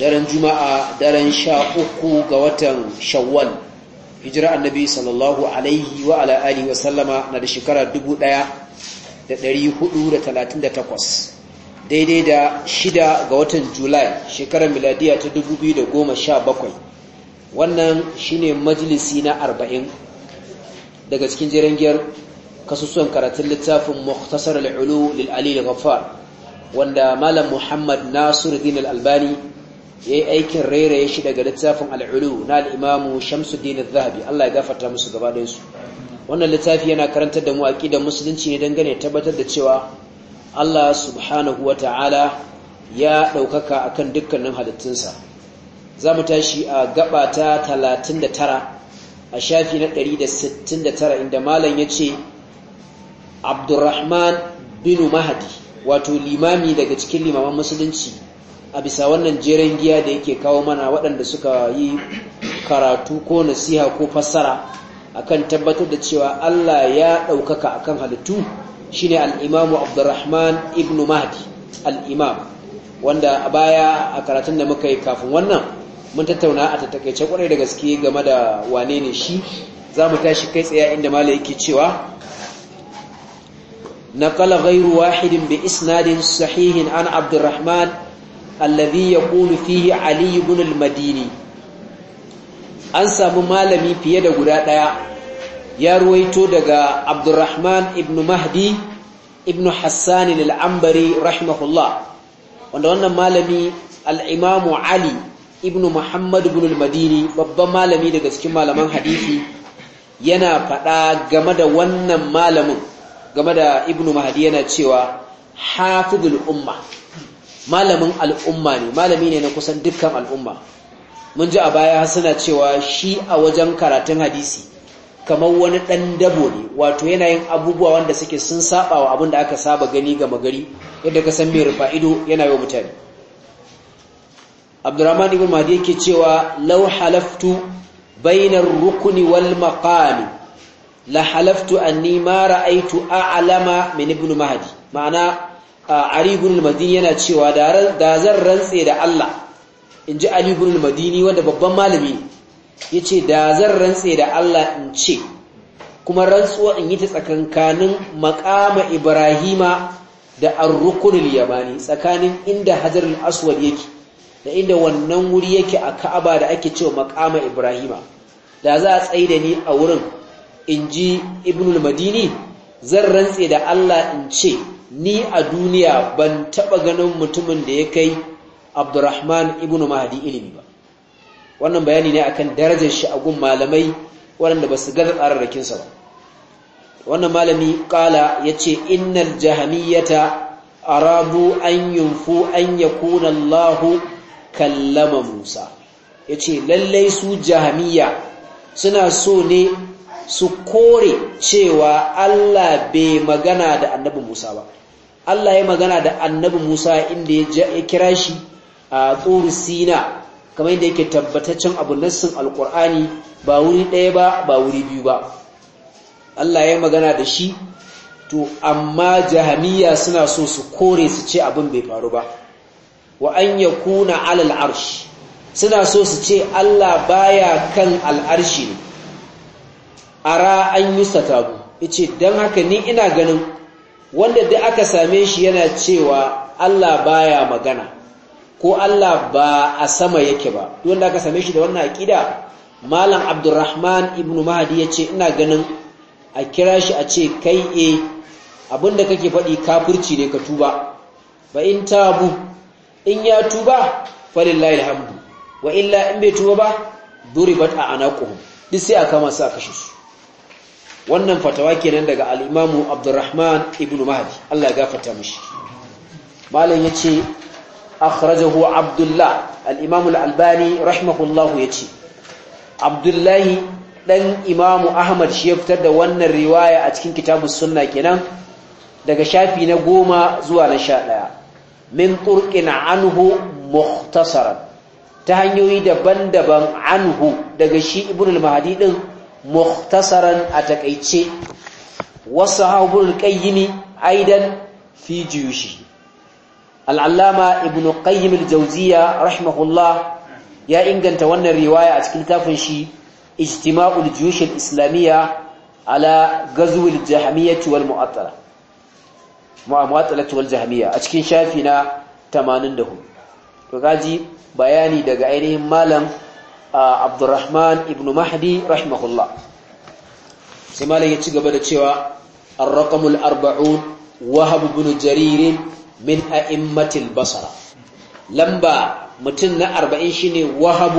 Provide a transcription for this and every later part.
daren juma'a daren sha uku ga watan shawwal hijira annabi sallallahu alaihi wa ala alihi wa sallama na da shekara 1438 daidai da shida ga watan julai shekarar miladiya ta 2017 wannan shine majalisi na 40 daga cikin jirangiyar kasusuwan karatun littafin muhtasar al'ulu lil'ali da ghaffar wanda malam muhammad nasiruddin albani. ya yi aikin rairaye shi daga littafin al'ulu na al'imamu shamsuddin al-zahabi Allah ya gafata musu gaba ɗayansu wannan littafi yana karanta da mu da musulunci ne dangane tabbatar da cewa Allah subhanahu wa ta'ala ya ɗaukaka a kan dukkanin halittunsa za mu tashi a gaba ta 39 a shafi na 169 inda malam ya ce abdurrahman bin mahadi wato limami daga cikin limaman musulunci a bisa wannan jeren giya da yake kawo mana waɗanda suka yi karatu ko nasiha ko fassara akan tabbatar da cewa Allah ya ɗaukaka akan halittu shine al-Imam Abdurrahman ibn Mahdi al wanda a baya a karatun da muka yi kafin wannan mun tattauna a tattakaice kwarai da gaske game da wane ne shi zamu tashi kai tsaye inda malai yake cewa نقل غير واحد بإسناد صحيح sahihin an الرحمن alladhi yaqulu fihi ali ibn al-madini an samu malami fiye da guda daya ya ruwaito daga abdurrahman ibn mahdi ibn hassan al-ambari rahimahullah wanda wannan malami al-imam ali ibn muhammad ibn al-madini babban malami daga cikin malaman hadisi yana fada game da wannan malamin game da ibn mahdi yana cewa hafizul umma malamin al'umma ne malami ne na kusan dukkan al'umma mun ji a baya suna cewa shi a wajen karatun hadisi kamar wani ɗan dabo ne wato yana yin abubuwa wanda suke sun saba wa abin da aka saba gani ga magari yadda ka san mai rufa ido yana yi wa mutane abdurrahman ibn mahdi yake cewa lau halaftu bainar rukuni wal maqami la halaftu anni ma ra'aytu a'lama min ibn mahdi ma'ana Ali ibn madini yana cewa da zan rantse da Allah inji Ali ibn madini wanda babban malami ne yace da zan rantse da Allah in ce kuma rantsuwa in yi ta tsakankanin maqama Ibrahima da ar al yamani tsakanin inda hajarul aswad yake da inda wannan wuri yake a Ka'aba da ake cewa maqama Ibrahima da za a tsaye da ni a wurin inji Ibn al-Madini zan rantse da Allah in ce ni a duniya ban taɓa ganin mutumin da ya kai abdurrahman ibn mahdi ilimi ba wannan bayani ne akan darajar shi a gun malamai waɗanda ba su gaza tsararrakinsa ba wannan malami kala ya ce innal jahamiyyata arabu an yunfu an yakuna allahu kallama musa ya ce lallai su jahamiyya suna so ne su kore cewa Allah bai magana da annabi Musa ba Allah ya magana da annabi Musa inda ya kira shi a tsoron sina kamar yadda yake tabbataccen abu nassin alkur'ani ba wuri ɗaya ba ba wuri biyu ba Allah ya magana da shi to amma jahamiya suna so su kore su ce abin bai faru ba wa an yakuna alal arshi suna so su ce Allah baya kan al'arshi ne ara an yi satabu ice don haka ni ina ganin wanda duk aka same shi yana cewa Allah baya magana ko Allah ba a sama yake ba duk wanda aka same shi da wannan aqida malam abdurrahman ibn Mahdi yace ina ganin a kira shi a ce kai e eh, abinda kake faɗi kafirci ne ka tuba ba in tabu in ya tuba falillahi alhamdu wa illa in bai tuba ba duribat a anaquhum duk sai aka masa kashe su wannan fatawa kenan daga al-imamu abdurrahman ibn mahdi Allah ya gafarta mishi malam yace akhrajahu abdullah al-imamu al-albani rahimahullahu yace abdullahi ɗan imamu ahmad shi ya fitar da wannan riwaya a cikin kitabus sunna kenan daga shafi na goma zuwa na sha ɗaya min ƙurƙin anhu muhtasaran ta hanyoyi daban-daban anhu daga shi ibn al-mahdi din mukhtasaran a takaice wasu haɓun ƙayyimi aidan fi jiyushi al'allama ibn qayyim jauziya rahimahullah ya inganta wannan riwaya a cikin tafin shi ijtima'ul jiyushi islamiyya ala gazuwil jahamiyyati tuwal mu'attala jahamiyya a cikin shafi na 84 bayani daga ainihin malam abdurrahman ibn mahdi rahimahullah sai malam ya ci gaba da cewa ar arba'un wahab ibn jarir min a'immatil basra lamba mutum na 40 shine wahab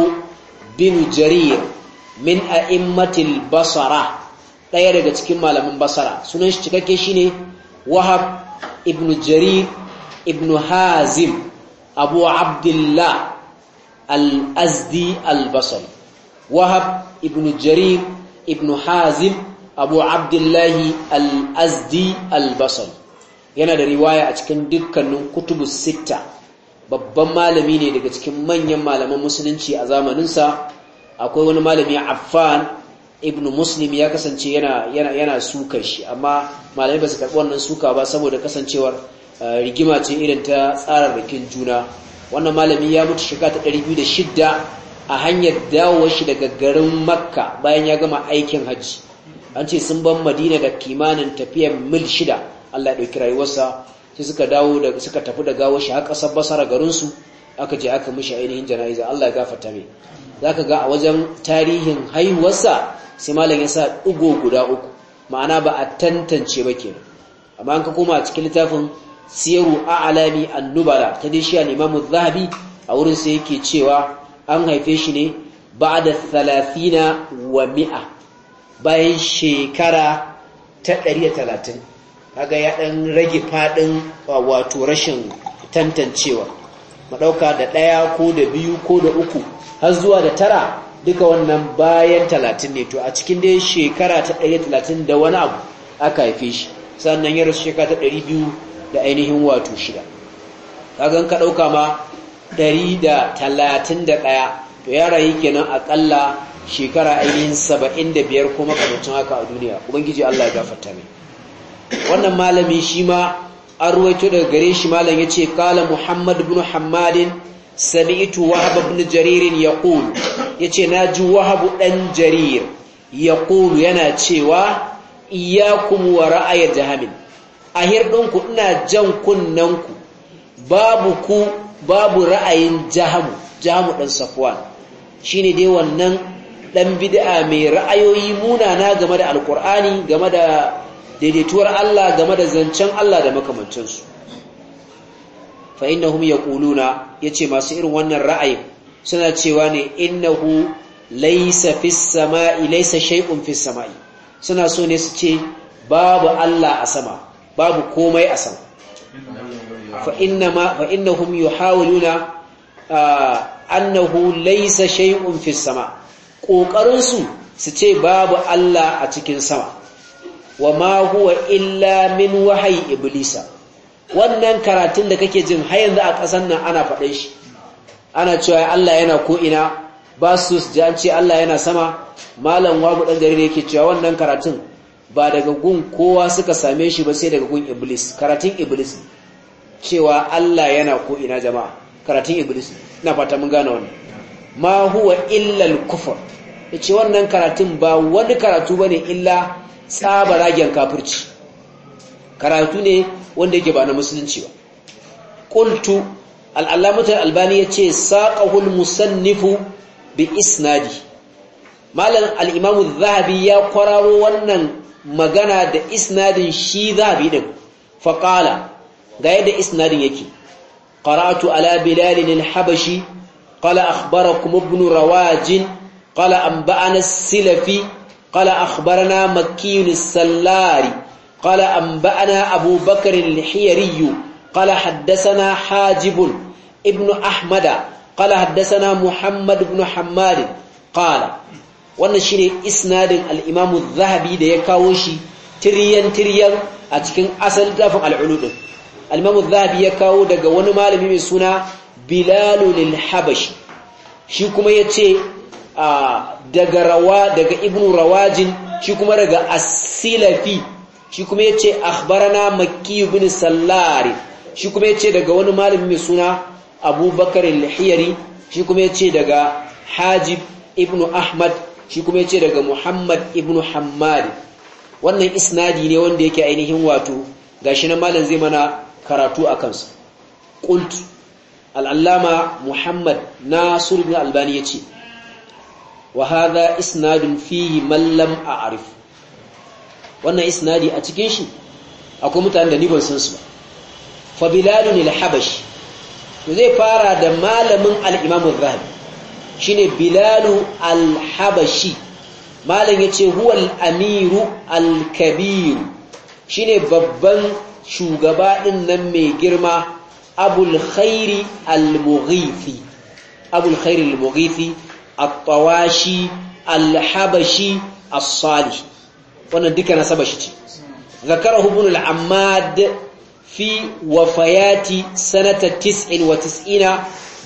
bin jarir min a'immatil basra daya daga cikin malamin basara sunan shi cikakke shine wahab ibn jarir ibn hazim abu abdullah al-azdi al wahab ibn jarir ibn hazim abu abdullahi al-azdi al yana da riwaya a cikin dukkanin kutubu sita babban malami ne daga cikin manyan malaman musulunci a zamaninsa akwai wani malami affan ibn muslim ya kasance yana, yana, yana suka shi amma malami ba su karɓi wannan suka ba saboda kasancewar eh, rigima ce irin ta tsararrakin juna wannan malami ya mutu shiga ta 206 a hanyar dawowar shi daga garin makka bayan ya gama aikin hajji an ce sun ban madina da kimanin tafiyar mil shida allah ya ɗauki rayuwarsa sai suka dawo da suka tafi da gawar shi har ƙasar basara garinsu aka je aka mishi ainihin jana'iza allah ya gafarta mai Za ka ga a wajen tarihin haihuwarsa sai malam ya sa ɗigo guda uku ma'ana ba a tantance ba kenan amma an ka koma a cikin littafin siyaru a'lami an-nubala ta dai shi al-imam zahabi a wurin sai yake cewa an haife shi ne ba'da 30 wa mi'a bayan shekara ta 130 kaga ya dan rage fadin wato rashin tantancewa madauka da ɗaya ko da biyu ko da uku har zuwa da tara duka wannan bayan 30 ne to a cikin dai shekara ta 130 da wani abu aka haife shi sannan ya rasu shekara ta 200 da ainihin wato shida kagan ka ɗauka ma da da talatin ɗaya to ya rayu kenan aƙalla shekara ainihin biyar kuma kamacin haka a duniya ubangiji Allah ya gafarta mai wannan malami shi ma an ruwaito daga gare shi malam ya ce kala muhammad bin hammadin sami'tu wahaba bin jaririn ya ƙulu ya ce na ji wahabu ɗan jarir ya ƙulu yana cewa iyakum wa ra'ayar jahamin a hirɗinku ina jan kunnenku babu ku babu ra'ayin jahamu jahamu ɗan safuwan shi ne dai wannan ɗan bid'a mai ra'ayoyi munana game da alkur'ani game da daidaituwar Allah game da zancen Allah da makamancinsu fa ƙuluna ya ce masu irin wannan ra'ayin suna cewa ne innahu laysa laisa shaikun laysa fis suna so ne su ce babu Allah a sama babu komai a sama fa innahum yuhawiluna ah, annahu laysa shay'un fis sama kokarin su su ce babu Allah a cikin sama wa ma huwa illa min wahayi iblisa wannan karatun da kake jin har yanzu a ƙasar nan ana faɗin shi ana cewa Allah yana ko ina ba su ji an ce Allah yana sama malam wabu dan gari ne yake cewa wannan karatun ba daga gun kowa suka same shi ba sai daga gun iblis karatun iblis cewa Allah yana ko ina jama'a karatun iblis na fata mun gane wannan ma huwa illa al-kufr yace wannan karatun ba wani karatu bane illa ragen kafirci karatu ne wanda yake ba na musulunci ba qultu al-allamatu al-albani yace saqahu al-musannifu bi isnadi malam al-imam adh-dhahabi ya kwararo wannan magana da isnadin shi zahabi din faqala ga yadda isnadin yake qara'tu ala bilal al-habashi kuma akhbarakum rawajin qala an ba'ana silafi qala akhbarana makki as-sallari qala anba'ana abu bakr al-hiyari qala hajibun ibnu ahmada qala haddathana muhammad ibn hammad qala wannan shine isnadin al-imamu zahabi da ya kawo shi tiriyan tiriyan a cikin asal dafin al-ulud al zahabi ya kawo daga wani malami mai suna bilal al-habashi shi kuma yace daga rawa daga ibnu rawajin shi kuma daga as-silafi shi kuma yace akhbarana makki ibn sallari shi kuma yace daga wani malami mai suna abubakar al-hiyari shi kuma yace daga hajib ibnu ahmad shi kuma ya ce daga Muhammad ibn Hammad wannan isnadi ne wanda yake ainihin wato gashi na malam zai mana karatu a kansu. qult alallama Muhammad Nasiru na Albani yace wa hadha isnadin fihi mallam a a'rif wannan isnadi a cikin shi akwai mutanen da ni ban san su ba fa biladun al-habashi zai fara da malamin al-imam zahabi shine bilalu al-habashi malam yace huwa al-amiru al-kabir shine babban shugaba din nan mai girma abul khairi al-mughithi abul khairi al-mughithi at-tawashi al-habashi as-salih wannan duka nasaba shi ce ذكره ابن العماد في وفيات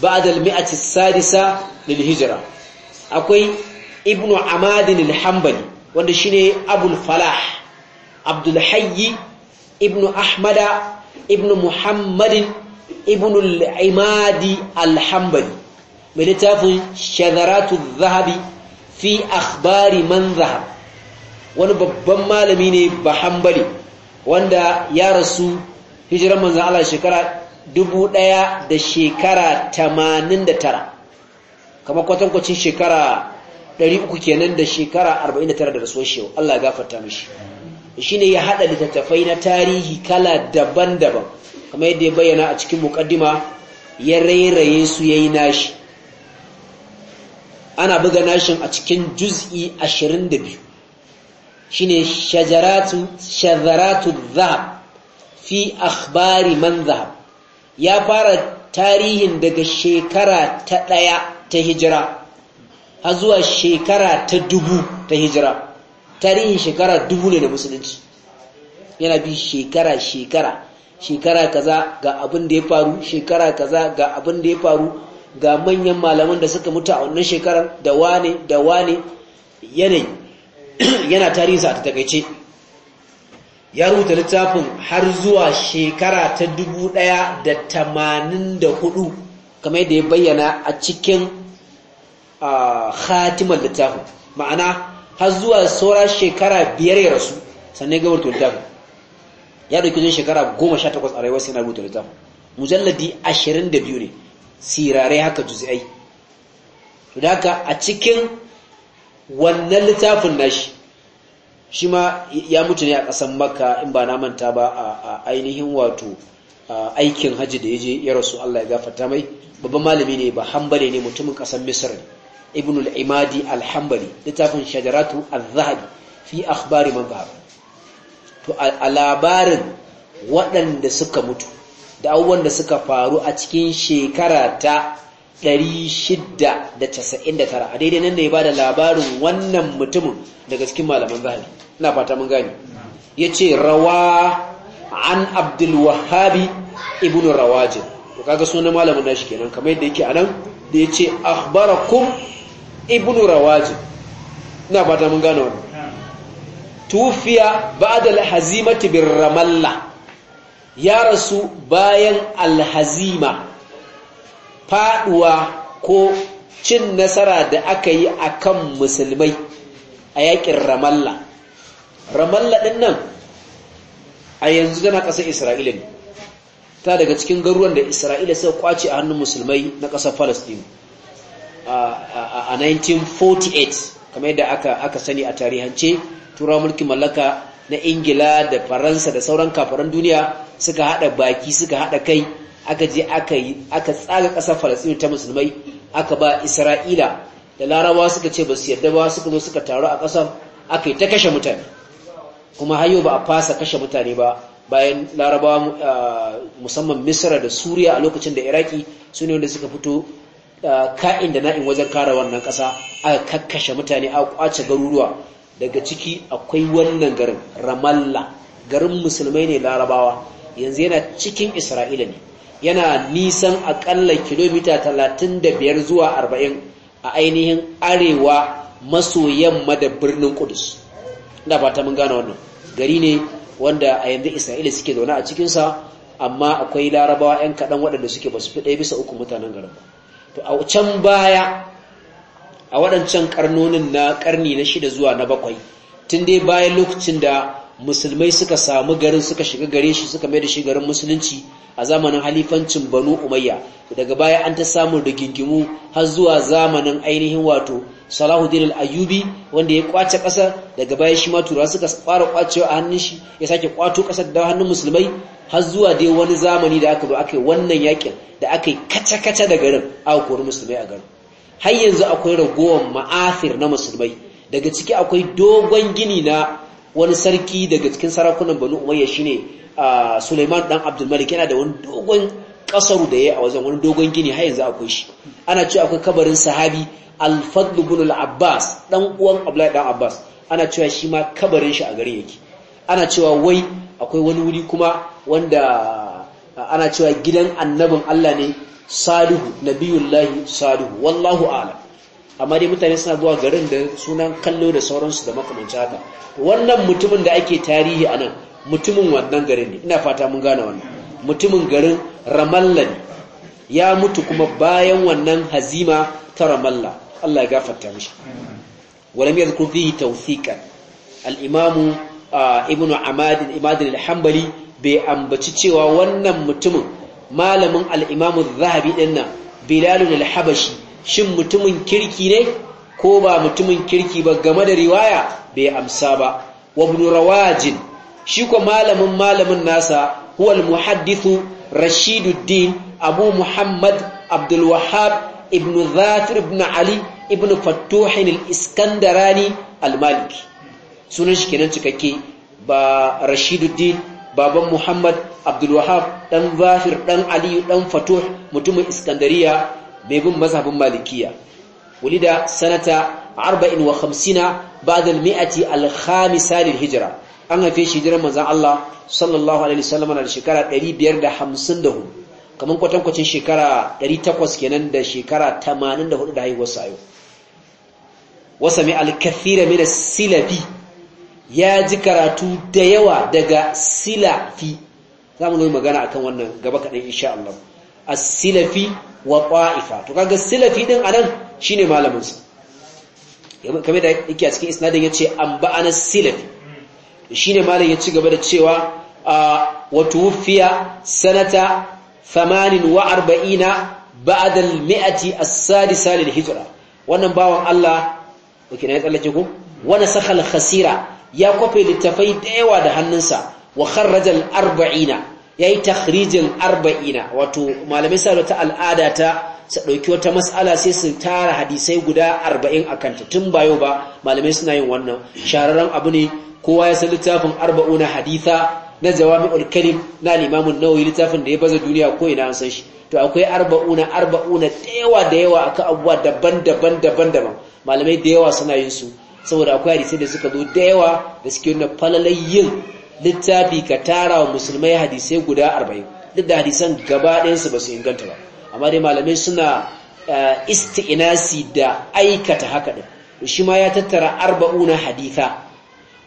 ba'da al-mi'ati as-sadisa lil hijra akwai ibnu amad al-hanbali wanda shine abul falah abdul ibnu ahmada ibnu muhammadin ibnu al-imadi al mai littafin shadaratu zahabi fi akhbari man zahab wani babban malami ne ba wanda ya rasu hijiran manzan Allah shekara dubu ɗaya da shekara tamanin da tara kama kwatankwacin shekara ɗari uku kenan da shekara arba'in da tara da rasuwar shewa Allah gafarta mishi shi ne ya haɗa littattafai na tarihi kala daban-daban Kama yadda ya bayyana a cikin mukaddima ya rairaye su ya yi nashi ana buga nashin a cikin juz'i ashirin da biyu shi ne shazaratu zahab fi akhbari man zahab ya fara tarihin daga shekara ta ɗaya ta hijira har zuwa shekara ta dubu ta hijira tarihin shekara dubu ne da musulunci yana bi shekara-shekara shekara kaza ga abin da ya faru shekara kaza ga abin da ya faru ga manyan malaman da suka mutu a wannan shekarar da wane da wane yanayi yana tarihinsa a takaice ya rubuta littafin har zuwa shekara ta dubu ɗaya da hudu kamar yadda ya bayyana a cikin hatimar littafin ma'ana har zuwa saura shekara biyar ya rasu sannan gabar ta littafin ya ɗauki zai shekara 18 a rayuwar sai na rubuta littafin mujalladi 22 ne sirare haka juzi'ai to da haka a cikin wannan littafin nashi shi ma ya mutu ne a ƙasan makka in ba na manta ba a ainihin wato aikin hajji da ya je ya rasu Allah ya gafarta mai babban malami ne ba hambali ne mutumin ƙasar misir ne ibn al-imadi al-hambali littafin shajaratu al-zahabi fi akhbari man zahab to a labarin waɗanda suka mutu da abubuwan da suka faru a cikin shekara ta 699 a daidai nan da ya ba da labarin wannan mutumin daga cikin malaman zahari ina fata mun gani ya ce rawa an abdulwahabi ibn rawajin ko kaga sunan malamin nashi kenan kamar yadda yake anan da ya ce akhbarakum ibn rawajin ina fata mun gane wannan tufiya ba'da alhazimati birramalla ya rasu bayan alhazima. Faɗuwa ko cin nasara da aka yi a kan musulmai a yakin ramalla ramalla ɗin nan a yanzu tana ƙasar isra'ila ne ta daga cikin garuwan da isra'ila sai kwace a hannun musulmai na ƙasar palestine a 1948 kamar yadda aka sani a tarihance turawa mulkin mallaka na ingila da faransa da sauran kafaran duniya suka haɗa baki suka haɗa kai aka je aka yi aka tsaga ƙasar falastin ta musulmai aka ba isra'ila da larabawa suka ce ba su yarda ba suka zo suka taru a ƙasar aka yi ta kashe mutane kuma hayo ba a fasa kashe mutane ba bayan larabawa ah, musamman misra da suriya a lokacin da iraki su ne wanda suka fito ah, ka'in da na'in wajen kare wannan ƙasa aka kakkashe mutane a kwace garuruwa daga ciki akwai wannan garin Ramallah garin musulmai ne larabawa yanzu yana cikin isra'ila ne yana nisan akalla kilomita talatin da biyar zuwa arba'in a ainihin arewa maso yamma da birnin Kudus ina ta mun gane wannan gari ne wanda a yanzu Isra'ila suke zaune a cikinsa, amma akwai larabawa 'yan kaɗan waɗanda suke ba su fi ɗaya bisa uku mutanen garin ba to a can baya a waɗancan karnonin na karni na shida zuwa na bakwai tun dai bayan lokacin da musulmai suka samu garin suka shiga gare shi suka mai da shi garin musulunci a zamanin halifancin banu umayya daga baya an ta samun rigingimu har zuwa zamanin ainihin wato salahuddin al-ayyubi wanda ya kwace ƙasa daga baya shi ma turawa suka fara kwacewa a hannun shi ya sake kwato ƙasar da hannun musulmai har zuwa dai wani zamani da aka zo aka yi wannan yakin da aka yi kace-kace da garin aka kori musulmai a garin har yanzu akwai ragowar ma'afir na musulmai daga ciki akwai dogon gini na wani sarki daga cikin sarakunan banu umayya shine suleiman dan Abdulmalik yana da wani dogon kasaru da yi a wajen wani dogon gini har yanzu akwai shi ana cewa akwai kabarin sahabi alfadlu bin al-Abbas dan uwan Abdullahi dan Abbas ana cewa shi ma kabarin shi a garin yake ana cewa wai akwai wani wuri kuma wanda ana cewa gidan annabin Allah ne Salihu nabiyullahi Salihu wallahu a'lam amma dai mutane suna zuwa garin da sunan kallo da sauransu da makamanci haka wannan mutumin da ake tarihi a nan mutumin wannan garin ne ina fata mun gane wannan mutumin garin ramalla ya mutu kuma bayan wannan hazima ta ramalla Allah ya gafarta mishi walam yadhkur fihi tawfiqan al-imamu ibnu amad imad al-hanbali bai ambaci cewa wannan mutumin malamin al-imamu zahabi dinnan bilal al-habashi shin mutumin kirki ne ko ba mutumin kirki ba game da riwaya bai amsa ba wa ibn rawajin shi ko malamin malamin nasa huwal muhaddithu rashiduddin abu muhammad abdul wahhab ibn zafir ibn ali ibn fattuhin iskandarani al-maliki sunan shi kenan cikakke ba rashiduddin baban muhammad Abdulwahab wahhab dan zafir dan ali dan fatuh mutumin iskandariya Mai bin mazhabin malikiya ulida sanata 54 ba'da al-mi'ati al-khamisa lil hijra an haife shi jiran manzon Allah sallallahu alaihi wasallam a shekara 554 kaman kwatan kwacin shekara 800 kenan da shekara 84 da haihuwar sayo wasa mai al-kathira silafi ya ji karatu da yawa daga silafi Za mu yi magana akan wannan gaba kaɗai, insha as-silafi wa ta'ifa to kaga silafi din anan shine malamin sa kamar da yake a cikin isnadin yace an ba'ana silafi shine malam ya ci gaba da cewa wa tuwfiya sanata 48 ba'da al-mi'ati as-sadisa lil hijra wannan bawan Allah okay na tsallake ku wa khasira ya kwafe littafai da yawa da hannunsa wa kharraja al-arba'ina yayi takhrijin arba'ina wato malamai sa ta al'ada ta su dauki wata mas'ala sai su tara hadisai guda 40 akan ta tun bayo ba malamai suna yin wannan shararan abu ne kowa ya san littafin arba'una haditha na jawami'ul kalim na imam an-nawawi littafin da ya baza duniya ko ina an san shi to akwai arba'una arba'una da yawa da yawa aka abuwa daban-daban daban-daban malamai da yawa suna yin su saboda akwai hadisai da suka zo dayawa da suke nuna falalayyin littafi ka tara wa musulmai hadisai guda arba'in duk da hadisan gaba ɗayansu ba su inganta ba amma dai malamai suna eh, isti'inasi da aikata haka ɗin shi ma ya tattara arba'una hadisa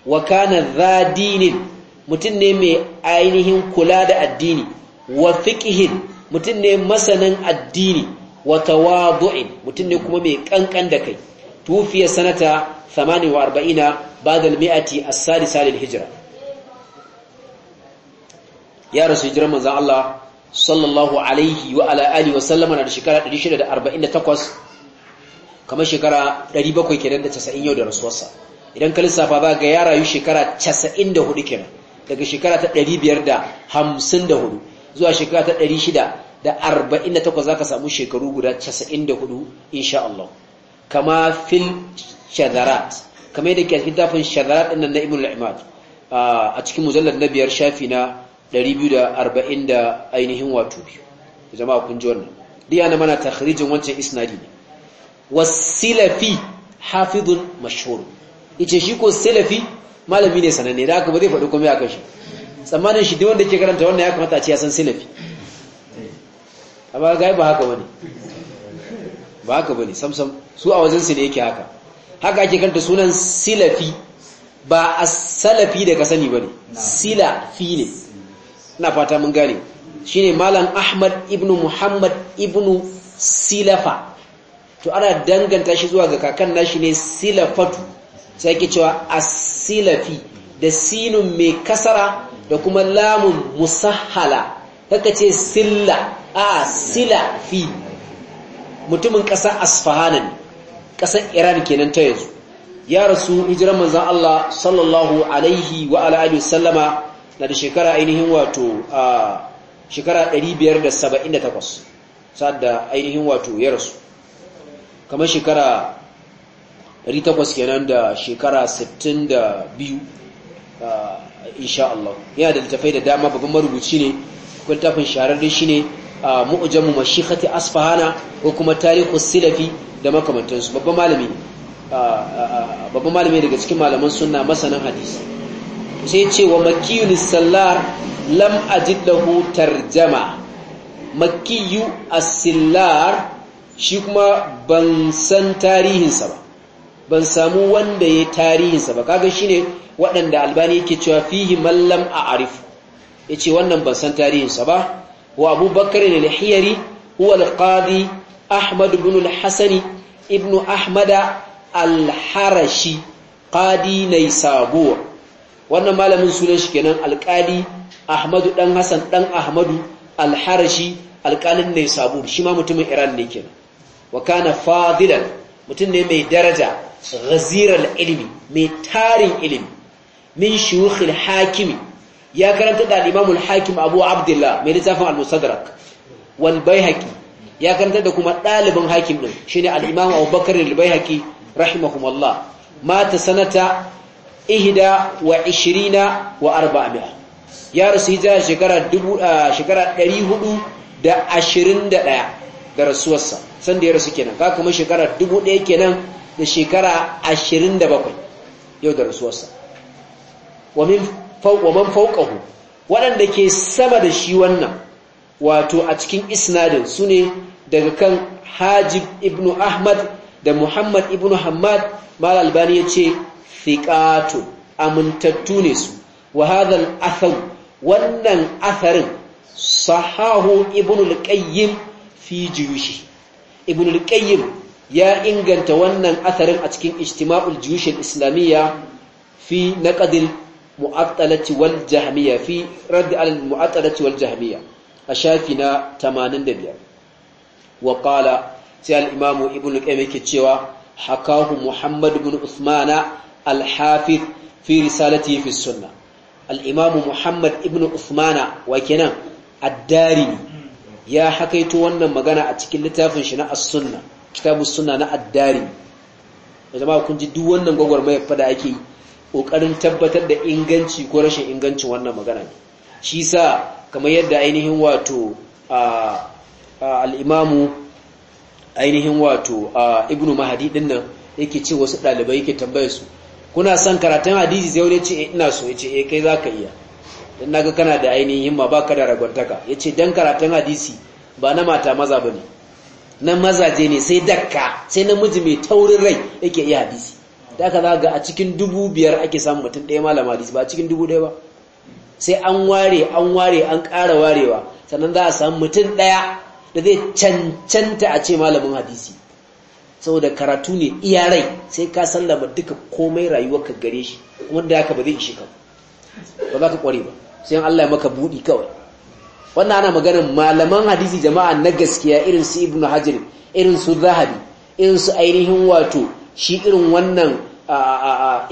wa kana zadinin mutum ne mai ainihin kula da addini wa fiƙihin mutum ne masanin addini wa tawadu'in mutum ne kuma mai ƙanƙan da kai tufiya sanata 48 ba'dal mi'ati as-sadisa lil hijra ya rasu hijirar manzon Allah sallallahu alaihi wa ala wa sallama na da shekara 648 kamar shekara 700 kenan da 90 yau da rasuwarsa idan ka lissafa ba ga ya rayu shekara 94 kenan daga shekara ta 554 zuwa shekara ta 648 ka samu shekaru guda 94 insha Allah kama fil shadarat kama yadda ke cikin shadarat ɗin nan na Ibn al-Imad a cikin mujallad na biyar shafi na 240 da ainihin wato biyu jama'a kun ji wannan dai ana mana takhrijin wancan isnadi ne wasilafi hafizun mashhur yace shi ko salafi malami ne sananne da aka ba zai faɗi komai akan shi tsammanin shi duk wanda ke karanta wannan ya kamata a ce ya san salafi amma ga ba haka bane ba haka bane samsam su a wajen su ne yake haka haka ake karanta sunan silafi ba as-salafi da ka sani bane silafi ne na fata mun gane shine malam ahmad ibnu muhammad ibnu silafa to ana danganta shi zuwa ga kakan nashi ne silafatu sai ake cewa as-silafi da sinun mai kasara da kuma lamun musahala kaka ce silla a silafi mutumin ƙasar asfahanan ƙasar iran kenan ta yanzu ya rasu hijiran manzan Allah sallallahu alaihi wa sallama na da shekara ainihin wato a shekara 578 sadda ainihin wato ya rasu kamar shekara 800 kenan da shekara 62 insha Allah yana da littafai da dama babban marubuci ne akwai tafin shahararren shi ne a mu'ujamu mashikhati asfahana ko kuma tarihu silafi da makamantansu babban malami babban malami daga cikin malaman sunna masanin hadisi sai ce wa makiyun sallar lam ajid lahu tarjama makiyu as-sillar shi kuma ban san tarihinsa ba ban samu wanda ya tarihinsa ba kaga shine waɗanda albani yake cewa fihi mallam a arifu yace wannan ban san tarihinsa ba wa abubakar al-hiyari huwa al-qadi ahmad ibn al-hasan ibn ahmad al-harashi qadi naysabur wannan malamin sunan shi kenan alƙali ahmadu dan hasan dan ahmadu alharashi alƙalin ne sabur shi ma mutumin iran ne kenan wa kana fadilan mutum ne mai daraja ghaziral ilmi mai tarin ilimi min shuyukhil hakimi ya karanta da al-imam al-hakim abu abdullah mai littafin al Wani wal baihaqi ya karanta da kuma ɗalibin hakim din shine al-imam abubakar al-baihaqi rahimahumullah mata sanata ihda wa ishirina wa arba'amiya ya rasu hijira shekara hudu da ashirin da da ɗaya, rasuwarsa sanda ya rasu kenan kaka kuma shekara ɗaya kenan da shekara ashirin da bakwai, yau da rasuwarsa wa min fauƙahu waɗanda ke sama da shi wannan wato a cikin isnadin su ne daga kan hajib ibn ahmad da muhammad ibn hamad mal albani ya ce thiqatu amintattu ne su wa hadha al wannan atharin sahahu ibn al-qayyim fi juyushi ibn al-qayyim ya inganta wannan atharin a cikin ijtima'ul juyush al-islamiyya fi naqd al-mu'attalati wal jahmiyya fi radd al-mu'attalati wal jahmiyya a shafi na 85 wa qala sai al-imamu ibn al-qayyim yake cewa hakahu muhammad ibn usmana al-hafiz fi risalatihi fi sunnah al-imam muhammad ibn uthmana wa kenan ad-darimi ya hakaito wannan magana a cikin littafin shi na as-sunnah kitabu sunna na addari. darimi jama'a kun ji duk wannan gwagwarmayar fada ake yi kokarin tabbatar da inganci ko rashin ingancin wannan magana ne shi sa kamar yadda ainihin wato al'imamu ainihin wato ibnu mahadi dinnan ke ce wasu ɗalibai ke tambayar su kuna son karatun hadisi sai wani ce eh, ina so ya ce eh kai ka iya don naga kana da ainihin himma ka da ragwantaka ce don karatun hadisi ba na mata maza ba ne na mazaje ne sai dakka sai namiji mai taurin rai yake iya hadisi da aka za ga a cikin dubu biyar ake samun mutum ɗaya malama hadisi ba a cikin dubu ɗaya ba sai an ware an ware an kara warewa sannan za a samu mutum ɗaya da zai cancanta a ce malamin hadisi saboda karatu ne iya rai sai ka sallama duka komai rayuwarka gare shi kuma da haka ba zai ishe ka ba za ka kware ba sai Allah ya maka budi kawai wannan ana maganin malaman hadisi jama'a na gaskiya irin su ibnu hajar irin su zahabi irin su ainihin wato shi irin wannan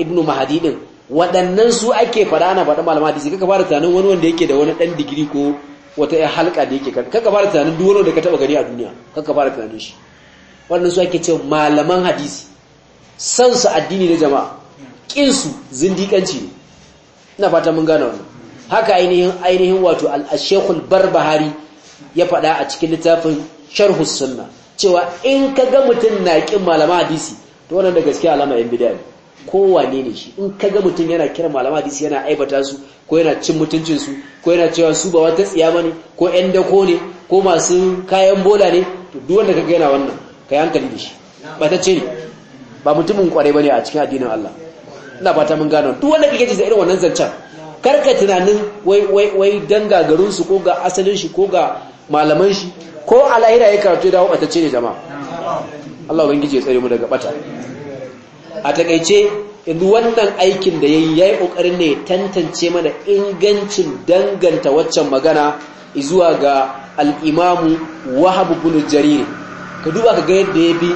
ibnu mahadi din waɗannan su ake fara ana faɗa malaman hadisi kaka fara tunanin wani wanda yake da wani ɗan digiri ko wata halka da yake kaka fara tunanin duk wani da ka taɓa gani a duniya kaka fara tunanin shi wannan su ake cewa malaman hadisi san su addini na jama'a kin su zindikanci ne ina fata mun gane wannan haka ainihin ainihin wato al al barbahari ya faɗa a cikin littafin sharhus sunnah cewa in ka ga mutum na kin malaman hadisi to wannan da gaskiya alama yan bid'a ne kowane ne shi in ka ga mutum yana kira malaman hadisi yana aibata su ko yana cin mutuncin su ko yana cewa su ba wata tsiya bane ko yan dako ne ko masu kayan bola ne to duk wanda kaga yana wannan Ka yi hankali da shi ba ta ce ne ba mutumin kwarai ne a cikin addinin Allah ina fata mun gano duk wanda kake jisa irin wannan zancen karka tunanin wai wai wai dan ga su ko ga asalin shi ko ga malaman shi ko alahira ya karatu dawo ba ta ce ne jama'a Allah ubangiji ya tsare mu daga bata a takeice yanzu wannan aikin da yayi yayi kokarin ne tantance mana ingancin danganta waccan magana zuwa ga al Wahabu Wahab ibn ka duba ka ga yadda ya bi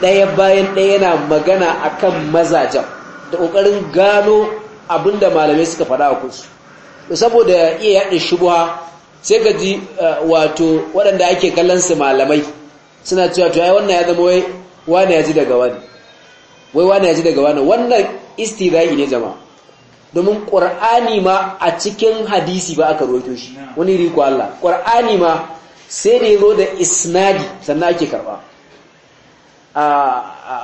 ɗaya bayan ɗaya yana magana a kan mazajen da ƙoƙarin gano abin da malamai suka faɗa a kunsu saboda iya yaɗin shubuwa sai ka ji eh, wato waɗanda ake kallon su malamai suna cewa to ai wannan ya zama wai wani ya ji daga wani wai wani ya ji daga wani wannan istirai ne jama'a domin ƙur'ani ma a cikin hadisi ba aka roto shi wani riko Allah ƙur'ani ma sai da zo da isnadi sannan ake karba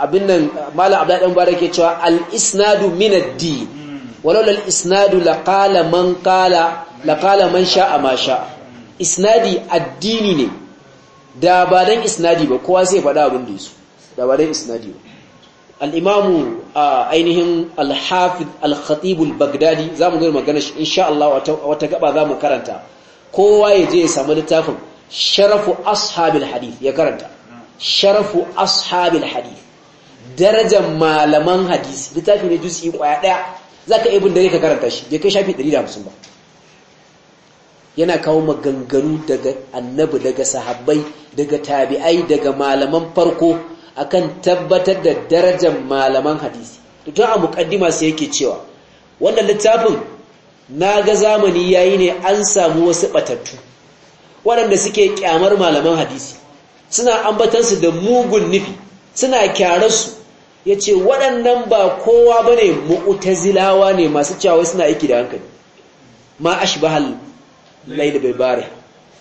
abin nan malam abdullahi dan mubarak ke cewa al isnadu min ad-din walau al isnadu laqala man qala laqala man sha ma sha isnadi addini ne da ba dan isnadi ba kowa sai faɗa abin da yaso da ba dan isnadi ba al ainihin al-hafid al-khatib al-baghdadi zamu ga magana insha Allah wata gaba zamu karanta kowa ya je ya samu littafin sharafu ashabil hadith ya karanta sharafu ashabil hadith darajar malaman hadisi littafi ne jusi kwaya daya zaka iya bin dare ka karanta shi bai kai shafi 150 ba yana kawo maganganu daga annabi daga sahabbai daga tabi'ai daga malaman farko akan tabbatar da darajar malaman hadisi tun a mukaddima sai yake cewa wannan littafin na ga zamani yayi ne an samu wasu batattu waɗanda suke kyamar malaman hadisi suna ambatansu da mugun nufi suna kyararsu ya ce waɗannan ba kowa ba ne Zilawa ne masu cewa suna aiki da hankali ma ashbahal da bai bare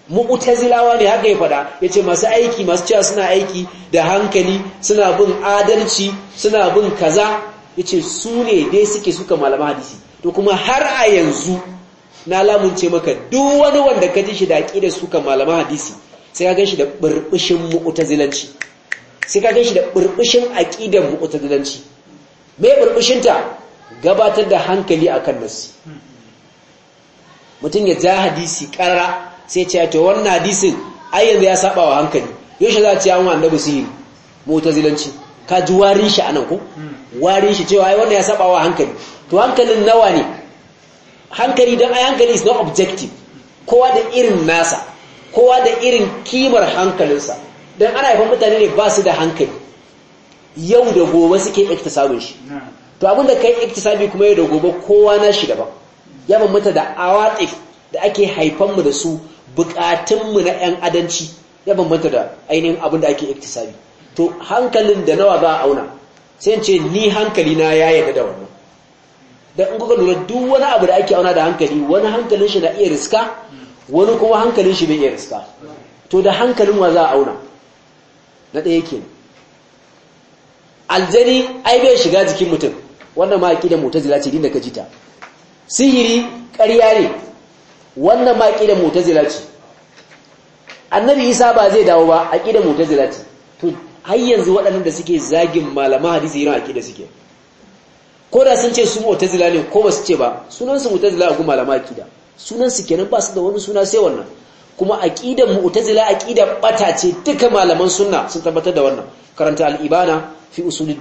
Zilawa ne haka ya faɗa ya ce masu aiki masu cewa suna aiki da hankali suna bin adalci suna bin kaza ya ce su ne dai suke suka malaman hadisi to kuma har a yanzu na lamunce maka duk wani wanda ka ji shi da su kan malaman hadisi sai ka ganshi da ɓurɓushin mu'utazilanci sai ka ganshi da ɓurɓushin aqidan mu'utazilanci me ɓurɓushinta gabatar da hankali akan nasu. mutum ya ja hadisi ƙarara sai ce to wannan hadisin ai yanzu ya saba wa hankali yaushe za a ce an wanda annabi sihiri mu'tazilanci ka ji warin shi nan ko hmm. warin shi cewa ai wannan ya saba wa hankali to hankalin nawa ne hankali don a hankali is not objective kowa da irin nasa kowa da irin kimar hankalinsa don ana haifan mutane ne ba su da hankali yau da gobe suke iktisabin shi to abinda kai iktisabi kuma yau da gobe kowa na shi daban ya bambanta da awatif da ake haifanmu da su bukatunmu na 'yan adanci ya bambanta da ainihin abinda ake iktisabi to hankalin da nawa za a auna sai ce ni hankali na ya yi da wannan da in kuka lura duk wani abu da ake auna da hankali wani hankalin shi na iya riska wani kuma hankalin shi bai iya riska to da hankalin wa za a auna na ɗaya ke aljani ai bai shiga jikin mutum wannan ma aƙidar mutazila ce din da ka ta. sihiri ƙarya ne wannan ma aƙidar mutazila ce annabi isa ba zai dawo ba aƙidar mutazila ce to har yanzu waɗannan da suke zagin malama hadisi irin aƙidar suke ko da sun ce su mu'tazila ne ko ba su ce ba sunan su mu'tazila a gumala makida sunan su kenan ba su da wani suna sai wannan kuma aqidar mu'tazila aqidar bata ce duka malaman sunna sun tabbatar da wannan karanta al-ibana fi usulid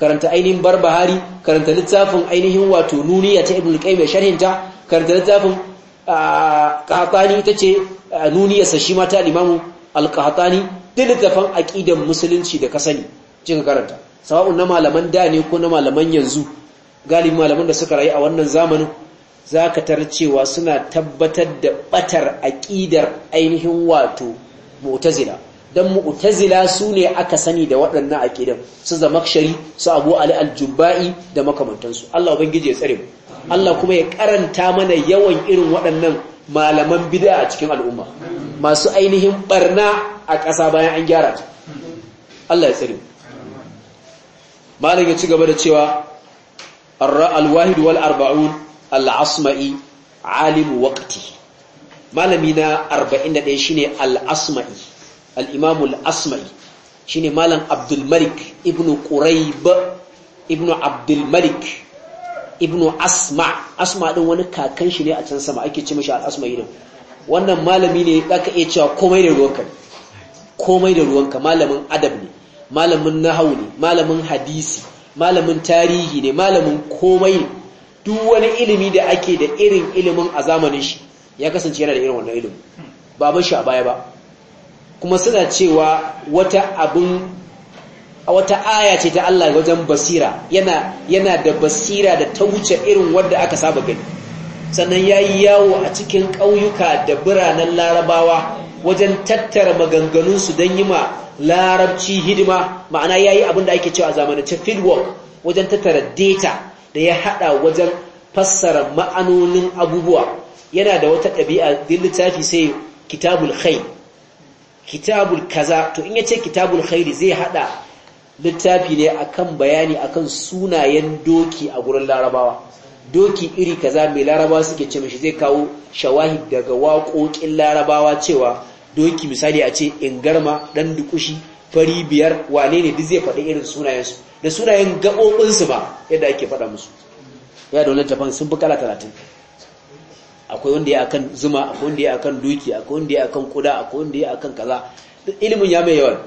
karanta ainihin barbahari karanta littafin ainihin wato nuniya ta ibn qayyim sharhinta karanta littafin qahtani ita ce nuniya sa shi ma ta al-imamu al-qahtani duk littafin aqidar musulunci da ka sani cika karanta sawa'un na malaman da ne ko na malaman yanzu galibi malaman da suka rayu a wannan zamanin za ka tar cewa suna tabbatar da batar aƙidar ainihin wato mu'tazila don mu'tazila su ne aka sani da waɗannan aƙidan su Zama-shari, su abu ali aljubba'i da makamantansu Allah ubangiji ya tsare mu Allah kuma ya karanta mana yawan irin waɗannan malaman bid'a a cikin al'umma masu ainihin barna a ƙasa bayan an gyara ta Allah ya tsare mu malam ya ci gaba da cewa al-wahid wal arba'un al-asma'i alim waqti malami na 41 shine al-asma'i al-imam al-asma'i shine malam abdul malik ibnu quraib ibnu abdul malik ibnu asma asma din wani kakan shi ne a can sama ake ce mishi al-asma'i din wannan malami ne zaka iya cewa komai da ruwanka komai da ruwanka malamin adab ne malamin nahawu ne malamin hadisi malamin tarihi ne malamin komai ne duk wani ilimi da ake da irin ilimin a zamanin shi ya kasance yana da irin wannan ilimi ba ban shi a baya ba kuma suna cewa wata abin wata aya ce ta Allah wajen basira yana yana da basira da ta wuce irin wanda aka saba gani sannan yayi yawo a cikin ƙauyuka da biranen larabawa wajen tattara maganganunsu don yi ma larabci hidima ma'ana ya yi abinda ake cewa a zamanance fieldwork wajen tattara data da ya hada wajen fassara ma'anonin abubuwa yana da wata ɗabi'a din littafi sai kitabul kai. kitabul kaza to in ya ce kitabul khairi zai hada littafi ne akan bayani akan sunayen doki a gurin larabawa doki iri kaza mai larabawa suke ce mashi zai kawo shawahi daga waƙoƙin larabawa cewa doki misali a ce ingarma dan dukushi fari biyar wane ne duk zai faɗi irin sunayensu da sunayen gaɓoɓinsu ba yadda ake faɗa musu ya da littafin sun fi kala talatin akwai wanda ya akan zuma akwai wanda ya akan doki akwai wanda ya akan kuda akwai wanda ya akan kaza ilimin ya mai yawan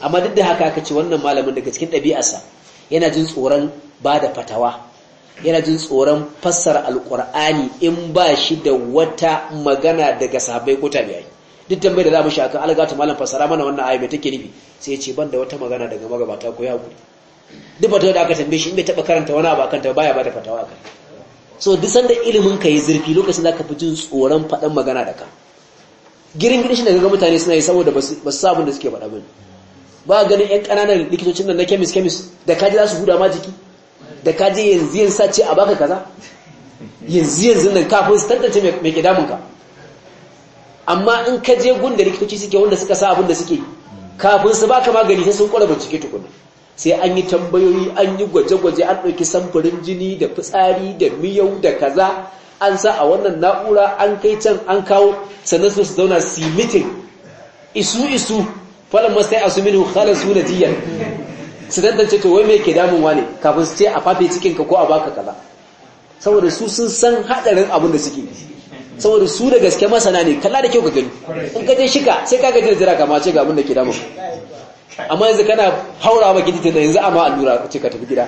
amma duk da haka aka ce wannan malamin daga cikin ɗabi'arsa yana jin tsoron ba da fatawa yana jin tsoron fassara alƙur'ani in ba shi da wata magana daga sahabbai ko tabi'ai duk tambayi da za mu shi akan ta malam fasara mana wannan ayi mai take nufi sai ya ce ban da wata magana daga magabata ko ya hakuri duk ta da aka tambaye shi in bai taba karanta wani abu akan ta baya ba da fatawa akan so duk sanda ilimin ka yi zurfi lokacin da ka fi jin tsoron faɗan magana da ka girin girin shi daga ga mutane suna yi saboda ba su sa abin da suke faɗa ba ba ganin yan ƙananan likitocin nan na kemis kemis da ji za su huda ma jiki da ji yanzu yanzu sace a baka kaza yanzu yanzu nan kafin su tantance mai ke damun ka amma in ka je gunda likitoci suke wanda suka sa abin da suke kafin su baka magani sai sun kwala bincike tukuna sai an yi tambayoyi an yi gwaje-gwaje an ɗauki samfurin jini da fitsari da miyau da kaza an sa a wannan na'ura an kai can an kawo sannan su zauna su yi isu isu falon mastai a su minu halar su jiyan su tantance to wai mai ke damunwa ne kafin su ce a fafe cikinka ko a baka kaza saboda su sun san haɗarin abin da suke saboda su da gaske masana ne kalla da kyau ka gani in ka je shika sai ka gaji da jira kama ce ga abin da ke damu amma yanzu kana haura ma gidi tunda yanzu amma allura ce ka tafi gida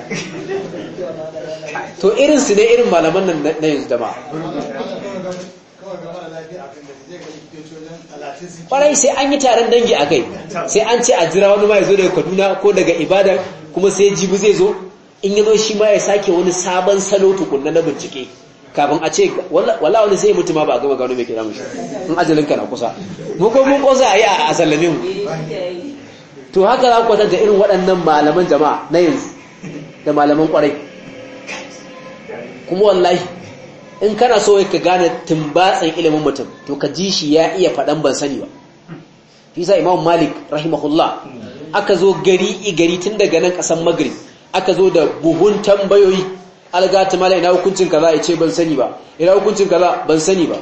to irin su ne irin malaman nan na yanzu dama kwarai sai an yi taron dangi a kai sai an ce a jira wani ma ya zo daga kaduna ko daga Ibada, kuma sai jibi zai zo in ya zo shi ma ya sake wani sabon salo tukunna na bincike kafin a ce wala wani sai mutu ma ba a gama gano mai kira mashi in ajalin ka na kusa mu mun kosa a yi a sallame to haka za ku kwatanta irin waɗannan malaman jama'a na yanzu da malaman kwarai kuma wallahi in kana so ka gane tumbatsan ilimin mutum to ka ji shi ya iya faɗan ban sani ba shi sa imam malik rahimahullah aka zo gari gari tun daga nan ƙasan magrib aka zo da buhun tambayoyi algata mala ina hukuncin kaza yace ce ban sani ba ina hukuncin kaza ban sani ba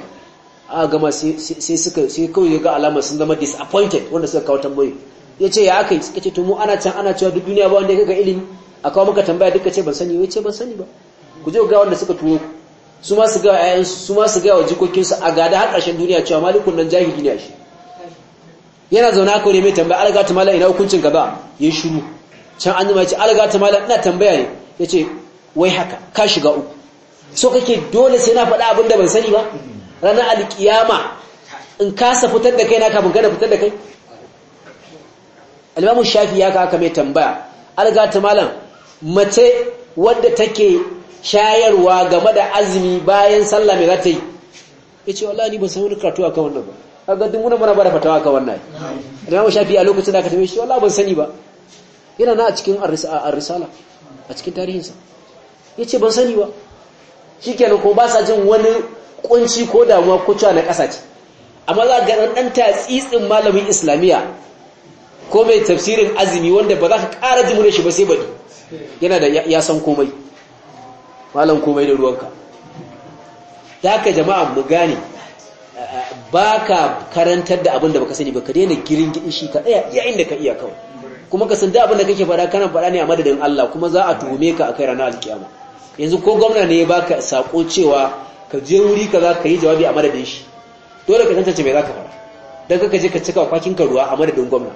a gama sai suka sai kawai ga alama sun zama disappointed wanda suka kawo tambayoyi ya ce ya akai suka ce to mu ana can ana cewa duk duniya ba wanda ya ga ilimi a kawo maka tambaya duka ce ban sani ya ce ban sani ba ku je ga wanda suka turo ku su ma su ga ayansu su ma su ga wa jikokinsu a gada har ƙarshen duniya cewa malikun nan jahili ne shi yana zaune ko ne mai tambaya alga ta mala ina hukuncin kaza ya shiru can an zama ya ce alga ta mala ina tambaya ne ya ce wai haka ka shiga uku so kake dole sai na faɗa abin da ban sani ba ranar alkiyama in kasa fitar da kai na kafin kana fitar da kai alimamu shafi ya kaka mai tambaya algata malam mace wadda take shayarwa game da azumi bayan sallah mai ratai ya ce wallah ni ba san wani karatu akan wannan ba a gadin muna mana bada fatawa akan wannan alimamu shafi a lokacin da aka tabe shi wallah ban sani ba yana na a cikin arrisala a cikin tarihinsa ya ce ban sani ba shi kenan ko ba sa jin wani kunci ko damuwa ko cewa na ƙasa ce amma za ga ɗan tatsitsin malamin islamiyya ko mai tafsirin azumi wanda ba za ka ƙara jimurin shi ba sai baɗi yana da ya san komai malam komai da ruwanka da haka jama'a mu gane ba ka karantar da abin da baka sani ba ka daina girin gidi shi ka ɗaya yayin da ka iya kawai kuma ka san da abin da kake faɗa kana faɗa ne a madadin Allah kuma za a tuhume ka a kai ranar alkiyama yanzu ko gwamna ne ya baka sako cewa ka je wuri kaza ka yi jawabi a madadin shi dole ka tantance mai zaka fara dan ka je ka cika kwakin ka ruwa a madadin gwamna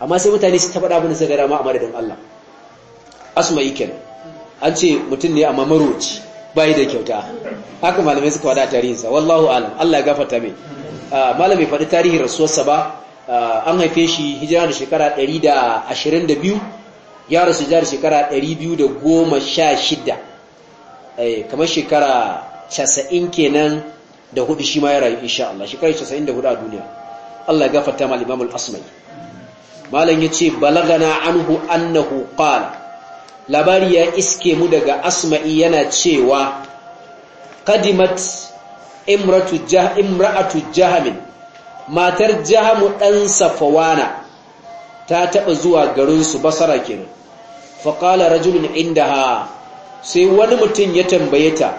amma sai mutane su ta faɗa abin da suka dama a madadin Allah Asma kenan an ce mutum ne amma maroci bai da kyauta haka malamai suka wada tarihinsa wallahu alam Allah ya gafarta mai ah, malamai faɗi tarihin rasuwarsa ba ah, an haife shi hijira da shekara 122 ya rasu jihar shekara 216 eh, kamar shekara 90 kenan da hudu shi ma ya rayu insha Allah shekara 94 a duniya Allah ya gafarta mal Imam al-Asmai malam yace balagana anhu annahu qala labari ya iske mu daga Asma'i yana cewa qadimat imratu jah imra'atu jahamin matar jahamu dan safawana ta taba zuwa garin su basara kenan faƙala rajulun indaha sai wani mutum ya tambaye ta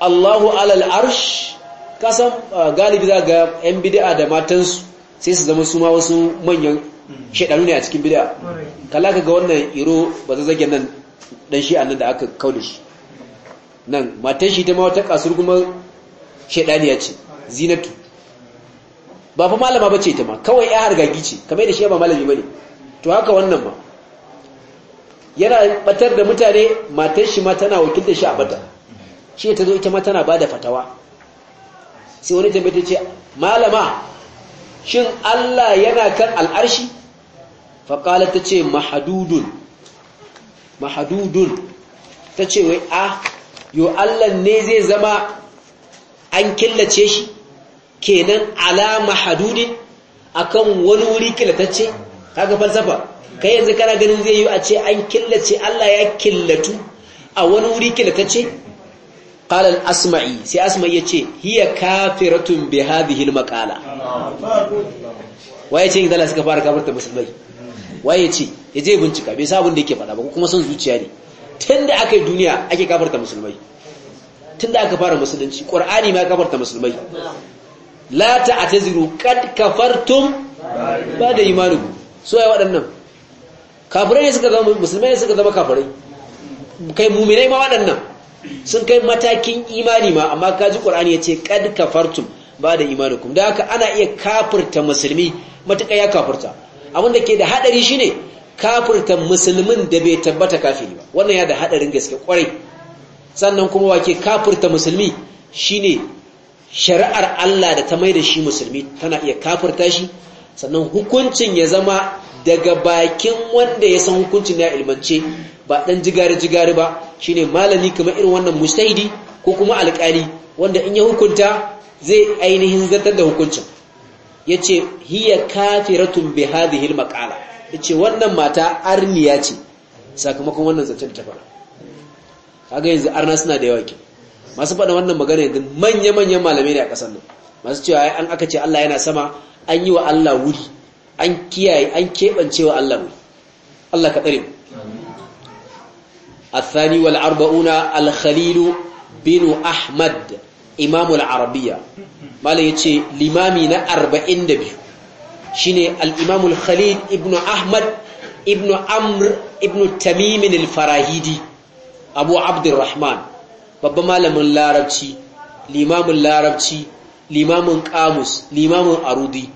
Allahu alal arsh kasan galibi za ga 'yan bid'a da matansu sai su zama su ma wasu manyan shaɗanu ne a cikin bid'a kala ka ga wannan iro ba zage nan dan shi annan da aka kaune shi nan matan shi ta ma wata kasur kuma shaɗaniya ce zinatu ba fa malama ba ce ta ma kawai ya hargagi ce kamar da shi ba malami ba ne to haka wannan ma yana batar da mutane matan shi ma tana wakilta shi a bata shi ta zo ita ma tana bada fatawa sai wani tambaye ce malama shin Allah yana kan al'arshi faƙalar ta ce mahadudun mahadudun ta ce wai a yo Allah ne zai zama an killace shi kenan ala mahadudin akan wani wuri killatacce kaga falsafa kai yanzu kana ganin zai yi a ce an killace Allah ya killatu a wani wuri killatacce qala al-asma'i sai asma'i ya yace hiya kafiratun bi hadhihi al-maqala waye ce idan suka fara kafarta musulmai waye ce yaje bincika bai sabon da yake faɗa ba kuma son zuciya ne tunda akai duniya ake kafarta musulmai tunda aka fara musulunci qur'ani ma kafirta musulmai la ta'taziru qad kafartum ba da imanukum Suwa ya waɗannan kafirai ne suka zama musulmai ne suka zama kafirai kai muminai ma waɗannan sun kai matakin imani ma amma kaji ya ce ƙad kafartum ba da imanukum da haka ana iya kafirta musulmi matuƙa ya kafirta abin da ke da shi shine kafirta musulmin da bai tabbata kafiri ba wannan ya da haɗarin gaske ƙwarai sannan kuma wake kafirta musulmi shine shari'ar Allah da ta mai da shi musulmi tana iya kafirta shi sannan hukuncin ya zama daga bakin wanda ya san hukuncin ya ilmance ba dan jigari-jigari ba shine malami kamar irin wannan mustahidi ko kuma alƙali wanda in ya hukunta zai ainihin zartar da hukuncin yace hiya kafiratun bi hadhihi almaqala yace wannan mata arniya ce sakamakon wannan zancen ta fara kaga yanzu arna suna da yawa ke masu faɗa wannan magana yanzu manya-manyan malamai ne a ƙasar nan masu cewa an aka ce Allah yana sama an yi wa Allah wuri an kiyaye an keɓance wa Allah wuri Allah ka tsare الثاني والأربعون الخليل بن أحمد إمام العربية ما ليتي لمامي نا أربعين دبي شيني الإمام الخليل ابن أحمد ابن أمر ابن تميم الفراهيدي أبو عبد الرحمن babban malamin larabci limamin larabci limamin kamus limamin arudi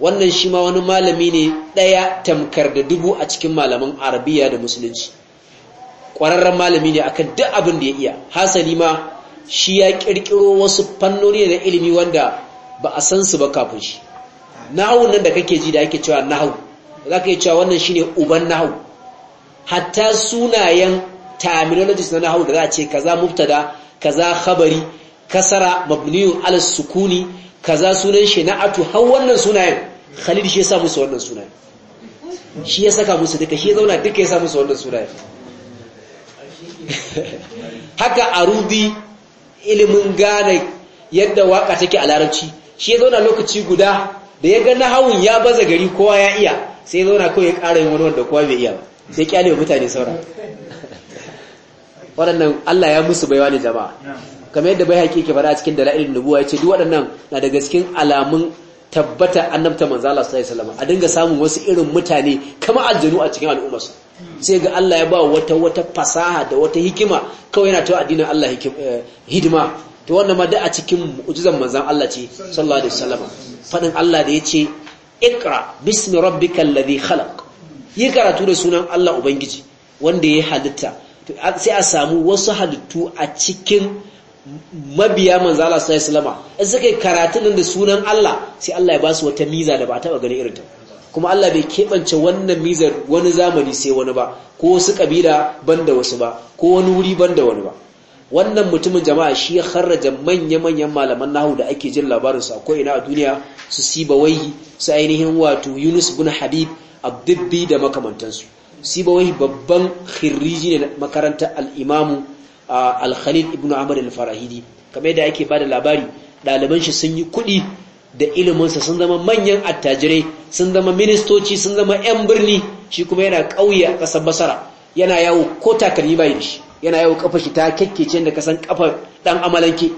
wannan shi ma wani malami ne ɗaya tamkar da dubu a cikin malaman arabiya da musulunci ƙwararren malami ne akan duk abin da ya iya hasali ma shi ya ƙirƙiro wasu fannoni na ilimi wanda ba a san su ba kafin shi nahu nan da kake ji da ake cewa nahu za ka yi cewa wannan shi ne uban nahu hatta sunayen terminologies na Nahu da za a ce kaza mubtada kaza khabari kasara mabniyun ala sukuni kaza sunan shi na'atu har wannan sunayen khalil shi ya sa musu wannan sunayen shi ya saka musu duka shi ya zauna duka ya sa musu wannan sunayen haka arudi ilimin gane yadda waka take a larabci shi ya zauna lokaci guda da ya ga hawun ya baza gari kowa ya iya sai ya zauna kawai ya ƙara yin wani wanda kowa bai iya ba sai kyale mutane saura waɗannan Allah ya musu baiwa ne jama'a kamar yadda bai haƙi ke faɗa a cikin dalailin nubuwa ya ce duk waɗannan na daga cikin alamun tabbata annabta manzo Allah sallallahu alaihi a dinga samun wasu irin mutane kamar aljanu a cikin al'umma su. sai ga Allah ya ba wata wata fasaha da wata hikima kawai yana tawa addinin Allah eh, hidima to wannan ma da a cikin mu'jizan manzan Allah ce sallallahu alaihi wasallam fadin Allah da yace iqra bismi rabbikal ladhi khalaq yi karatu da sunan Allah ubangiji wanda ya halitta sai a samu wasu halittu a cikin mabiya manzala Allah sallallahu in suka yi karatun da sunan Allah sai Allah ya ba su wata miza da ba taba ganin irin ta kuma Allah bai keɓance wannan mizar wani zamani sai wani ba ko wasu kabila banda wasu ba ko wani wuri banda wani ba wannan mutumin jama'a shi ya kharraja manya-manyan malaman nahu da ake jin labarinsu a ko'ina a duniya su sibawai su ainihin wato yunus bin habib abdubbi da makamantansu sibawai babban khirriji ne makarantar al'imamu A khalil ibn amr al-farahidi kamar yadda yake bada labari ɗaliban shi sun yi kuɗi da iliminsa sun zama manyan attajirai sun zama ministoci sun zama 'yan birni shi kuma yana ƙauye a ƙasar basara yana yawo ko takalmi bai shi yana yawo kafa shi ta kyakkece da kasan kafar ɗan amalanke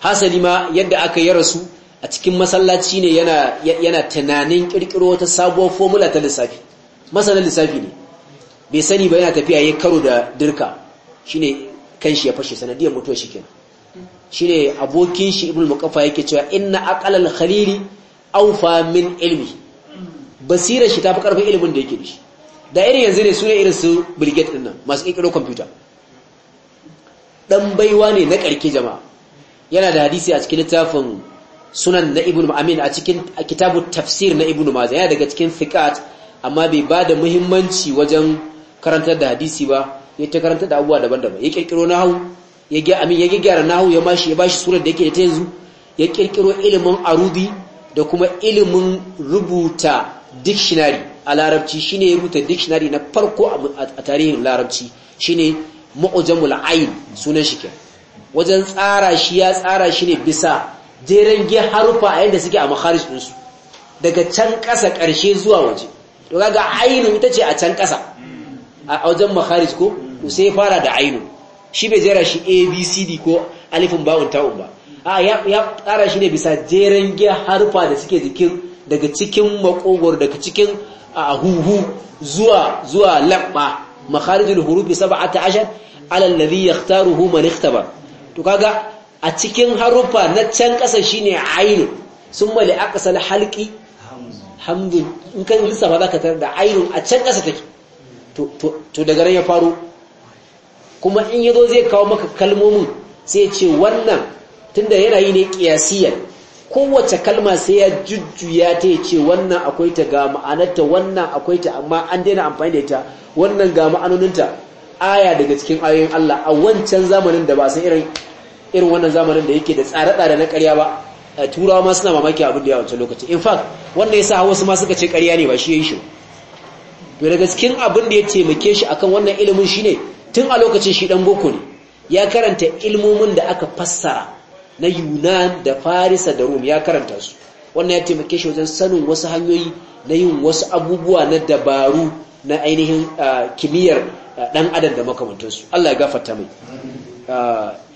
hasali ma yadda aka yi rasu a cikin masallaci ne yana tunanin ƙirƙiro wata sabuwar fomula ta lissafi masana lissafi ne bai sani ba yana tafiya ya karo da dirka shine kanshi ya fashe sanadiyar mutuwa shi kenan abokin shi ibnu muqaffa yake cewa inna aqalal khalili aufa min ilmi basira shi fi karfin ilimin da yake dashi da irin yanzu ne ne irin su brigade din nan masu kirkiro computer dan baiwa ne na karke jama'a yana da hadisi a cikin littafin sunan na Ibn amin a cikin kitabu tafsir na ibnu mazan yana daga cikin fiqat amma bai ba da muhimmanci wajen karantar da hadisi ba ya ta karantar da abubuwa daban-daban ya kirkiro nahu ya ga amin ya gyara nahu ya bashi ya bashi surar da yake ta yanzu ya kirkiro ilimin arudi da kuma ilimin rubuta dictionary a larabci shine ya rubuta dictionary na farko a tarihin larabci shine mu'jamul ayn sunan shi wajen tsara shi ya tsara shi ne bisa jeren ge harufa a yadda suke a makharij ɗinsu daga can ƙasa ƙarshe zuwa waje to ga ainihin ita ce a can ƙasa a wajen makharij ko sai fara da ainu shi bai jera shi abcd ko alifin bawun ta'un ba a ya tsara shi ne bisa jeren giya harfa da suke jikin daga cikin makogwar daga cikin huhu zuwa zuwa labba makharijul hurufi 17 ala alladhi yakhtaruhu man ba. to kaga a cikin harufa na can kasa shine ainu sun li aqsal halki. hamdun in kan lissafa zaka tarar da ainun a can kasa take to daga nan ya faru kuma in zo zai kawo maka kalmomin sai ce wannan tunda yana yi ne kiyasiya, kowace kalma sai ya jujjuya ta ya ce wannan akwai ta ga ma'anarta wannan akwai ta amma an daina amfani da ita wannan ga ma'anoninta aya daga cikin ayoyin Allah a wancan zamanin da ba san irin irin wannan zamanin da yake da tsare-tsare na ƙarya ba eh, turawa ma suna mamaki abin da ya wancan lokaci in fact wannan yasa wasu ma suka ce ƙarya ne ba shi yayin shi to daga gaskin abin da ya taimake shi akan wannan ilimin shine tun a lokacin shi dan boko ne ya karanta ilmomin da aka fassara na Yunan da Farisa da Rum ya karanta su wannan ya taimake shi wajen sanin wasu hanyoyi na yin wasu abubuwa na dabaru na ainihin kimiyyar dan adam da su Allah ya gafarta mai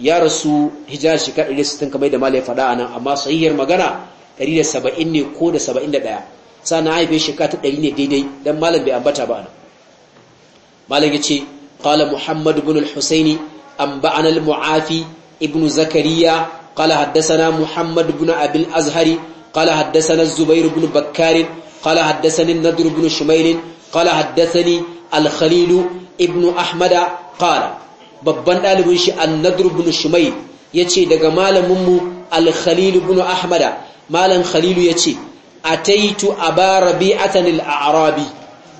ya rasu hijirar shekara 160 kamar da malai fada anan amma sahihiyar magana 170 ne ko da 71 sannan haife shekara ta ɗari ne daidai dan malam bai ambata ba ana malam ya ce qala muhammad bin al-husaini anba'ana al-mu'afi ibn zakariya qala haddathana muhammad bin abil azhari qala haddasana zubair bin bakkar qala haddathani nadr bin shumail qala haddathani al ibn ahmad qala babban ɗalibin shi an-nadr ibn shumail yace daga malaminmu mu al-khalil ibn malam khalilu yace ataitu aba rabi'atan al-a'rabi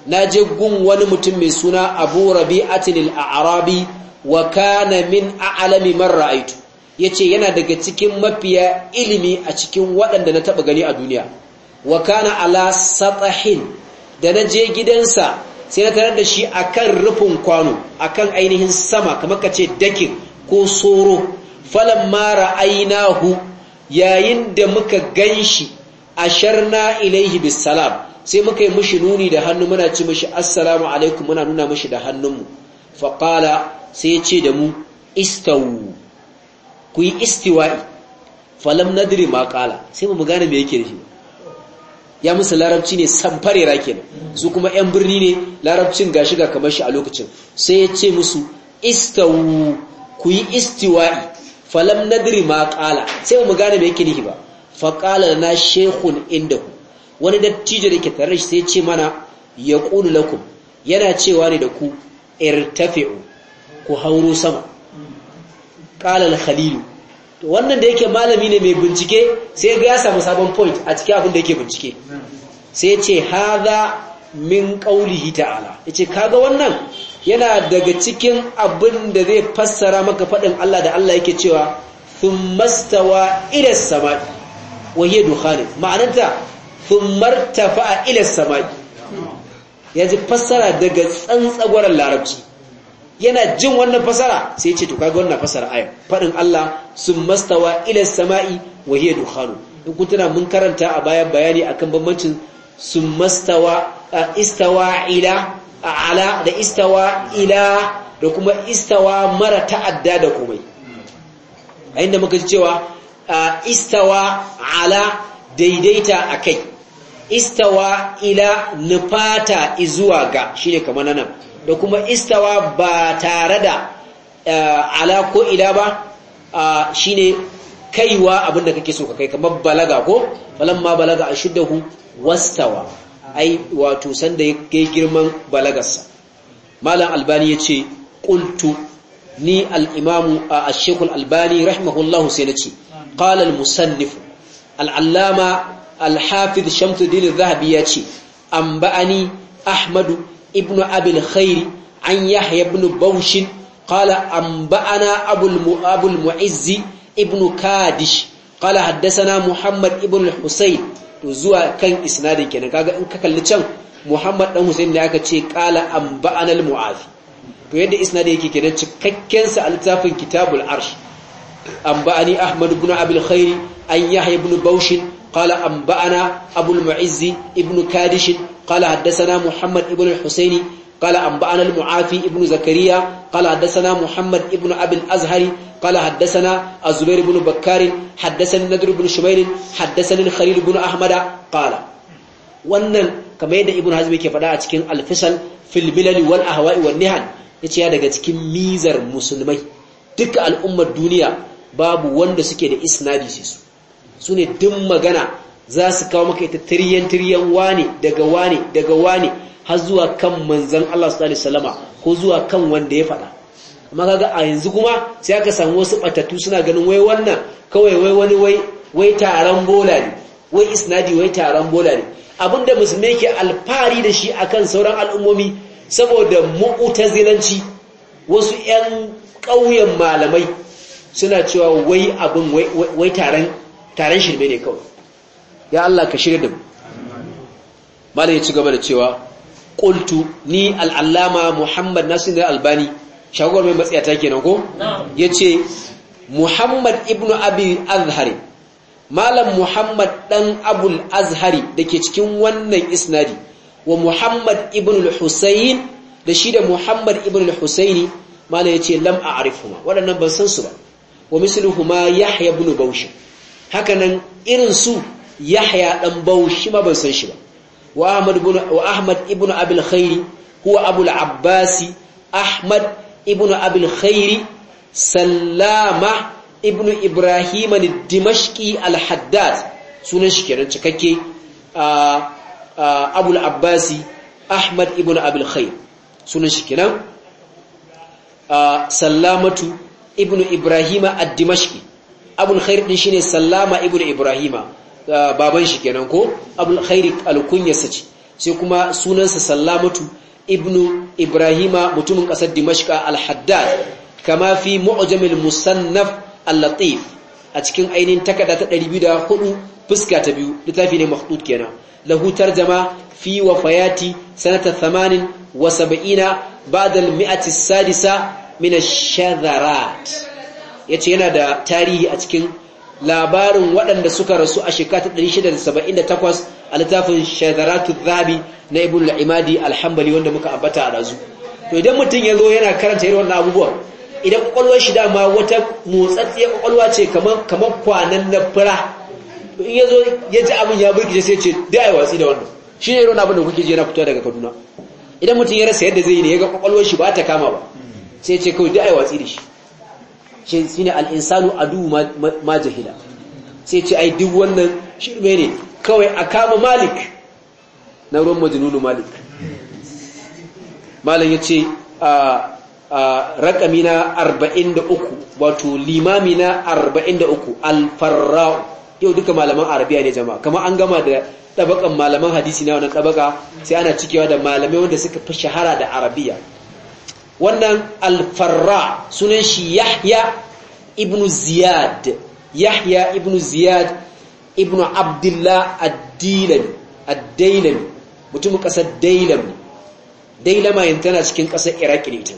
naje gun wani mutum mai suna abu rabi'atan al-a'rabi wa kana min a'lami man ra'aitu yace yana daga cikin mafiya ilimi a cikin waɗanda na taba gani a duniya wa kana ala satahin da naje gidansa sai na tarar da shi akan rufin kwano akan ainihin sama kamar kace dakin ko soro falamma ra'aynahu yayin da muka ganshi asharna ilaihi bisalam sai muka yi mushi nuni da hannu muna ci mushi assalamu alaikum muna nuna mushi da hannunmu faƙala sai ya ce da mu istawu ku yi istiwa'i falam nadri ma qala sai mu gane me yake nufi ya musu larabci ne samfare rake ne su kuma yan birni ne larabcin gashi ga kamar shi a lokacin sai ya ce musu istawu ku yi istiwa'i falam nadri ma qala sai mu gane me yake nufi ba faƙalar na shekun inda ku wani dattijo da ke tare shi sai ce mana ya ƙulu lakum yana cewa ne da ku irtafi'u ku hauro sama ƙalar khalilu wannan da yake malami ne mai bincike sai ga ya samu sabon point a cikin abin da yake bincike sai ce haza min qaulihi ta'ala ya kaga wannan yana daga cikin abin da zai fassara maka faɗin Allah da Allah yake cewa sun mastawa ila sama'i waye dukhanin ma'ananta sun martafa a samai ya fassara daga tsantsagwarar larabci yana jin wannan fasara sai yace to kaga wannan fassara ayar faɗin Allah sun mastawa sama'i wahiyar dukhanu in kun tana mun karanta a bayan bayani akan bambancin sun mastawa istawa ila ala da istawa ila da kuma istawa mara ta'adda da komai a inda muka ji cewa istawa ala daidaita a kai istawa ila nufata izuwa ga shine kamar nan da kuma istawa ba tare da ala ko ila ba shine kaiwa abinda kake so ka kai kamar balaga ko ma balaga ashuddahu wastawa ai wato sanda ya girman balagarsa malam albani yace qultu ni al a shekul shaykh al-albani rahimahullahu sai nace qala al-musannif al-allama al-hafiz shamsuddin az-zahabi yace anba'ani ahmadu ibnu abil khairi an yahya ibn bawsh qala anba'ana abul abul mu'izzi ibnu kadish qala haddathana muhammad ibn al-husayn zuwa kan isnadin kenan kaga in ka kalli can muhammad dan husayn ne aka ce qala anba'ana al-mu'azi to yadda isnadin yake kenan cikakken sa al-tafin kitabul arsh أنبأني أحمد بن أبي الخير أن يحيى بن بوش قال أنبأنا أبو المعز ابن كادش قال حدثنا محمد ابن الحسين قال أنبأنا المعافي ابن زكريا قال حدثنا محمد ابن أبي الأزهر قال حدثنا الزبير بن بكار حدثني النذر بن شبير حدثني الخليل بن أحمد قال wannan kamar yadda ibn hazmi ke faɗa a cikin alfisal fil milal wal ahwa'i wan nihan yace ya daga cikin mizar musulmai duka al'ummar duniya babu wanda suke da isnadi sai su su ne duk magana za su kawo maka ita tiriyan tiriyan wane daga wane daga wane har zuwa kan manzan Allah su salama ko zuwa kan wanda ya faɗa amma kaga a yanzu kuma sai aka samu wasu batattu suna ganin wai wannan kawai wai wani wai taron bola ne wai isnadi wai taron bola ne abinda musulmai ke alfahari da shi akan sauran al'ummomi saboda zinanci, wasu 'yan ƙauyen malamai suna cewa wai abin wai taron shirme ne kawai ya Allah ka shirya da mu malam ya ci gaba da cewa ƙultu ni al'allama muhammad nasir albani shagwar mai matsaya ta kenan ko Ya ce muhammad Ibn abi azhari malam muhammad ɗan abul azhari da ke cikin wannan isnadi wa muhammad Ibn al-husayn da shi da muhammad ibn al-husaini ya yace lam a arifuma waɗannan ban san su ba wa ma yahya ibn bawsh hakanan irin su yahya dan bawsh ma ban san shi ba wa ahmad ibn wa ahmad ibn abul khairi huwa abul abbasi ahmad ibn abul khairi sallama ibn ibrahim al-dimashqi al-haddad sunan shi kenan cikakke abul abbasi ahmad ibn abul khair sunan shi kenan sallamatu ibn ibrahima ad-dimashqi abul khair din shine sallama ibn ibrahima uh, baban shi kenan ko abul khair al-kunyasa ce sai kuma sunansa sallamatu ibn ibrahima mutumin kasar dimashqa al-haddad kama fi mu'jam al-musannaf al-latif a cikin ainihin takarda ta 204 fuska ta biyu littafi ne mahdud kenan lahu tarjama fi wafayati sanata 78 ba'da al-mi'ati as-sadisa Mina Shadarat shadharat yace yana da tarihi a cikin labarin waɗanda suka rasu a shekara ta 678 a littafin Shadaratu zabi na ibn al alhambali wanda muka ambata a razu to idan mutum ya zo yana karanta yi wannan abubuwa idan kwakwalwar shi dama wata motsatsiya kwakwalwa ce kamar kwanan na fura to in ya zo ya ji abin ya burkice sai ce da ya watsi da wannan shi ne irin abin da kuke ji yana fito daga kaduna idan mutum ya rasa yadda zai yi ne ya ga kwakwalwar shi ba ta kama ba sai ce kawai duk ai watsi da shi shi ne al’insanu insanu adu ma jahila sai ce ai duk wannan shirme ne kawai a kama malik na ruwan majnunu malik ya ce a rakami na 43 wato limami na 43 uku yau duka malaman arabiya ne jama'a kama an gama da tabakan malaman hadisi na wannan tabaka sai ana cikewa da malamai wanda suka fi shahara da arabiya wannan alfarra sunan shi yahya ibn ziyad yahya ibn ziyad ibn abdullah ad-dailami mutum kasar dailami dailama yin tana cikin kasar iraki ne ita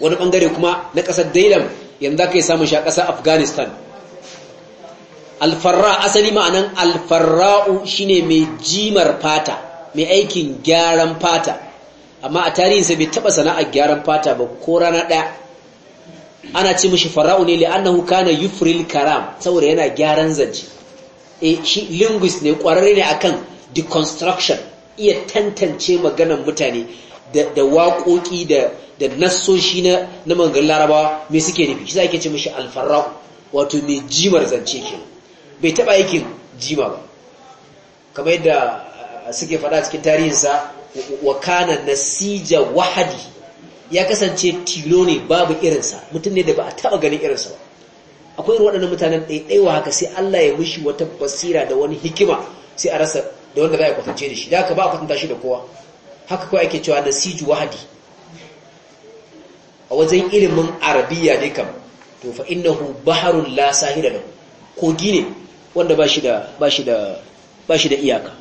wani bangare kuma na kasar dailam yanzu aka samu shi a kasar afghanistan alfarra asali ma'anan alfarra'u shine mai jimar fata mai aikin gyaran fata amma a tarihin tarihinsa bai taba sana'ar gyaran fata ba ko rana daya ana ce mishi fara'u ne li'annahu kana yufril karam saboda yana gyaran zance eh shi linguist ne kwararre ne akan deconstruction iya tantance maganar mutane da waƙoƙi da da nassoshi na na mangan larabawa me suke nufi shi ake ce mishi alfarau? wato mai jimar zance ke bai taba aikin jima ba kamar yadda suke faɗa cikin tarihinsa wa nasija wahadi ya kasance tilo ne babu irinsa mutum ne da ba a taba ganin irinsa ba akwai irin waɗannan mutanen ɗaiɗaiwa haka sai Allah ya mishi wata basira da wani hikima sai a rasa da wanda za a kwatance da shi da haka ba a kwatanta shi da kowa haka kawai ake cewa nasiju wahadi a wajen ilimin arabiya ne kam to fa innahu baharun la sahila lahu kogi ne wanda ba shi da ba shi da ba shi da iyaka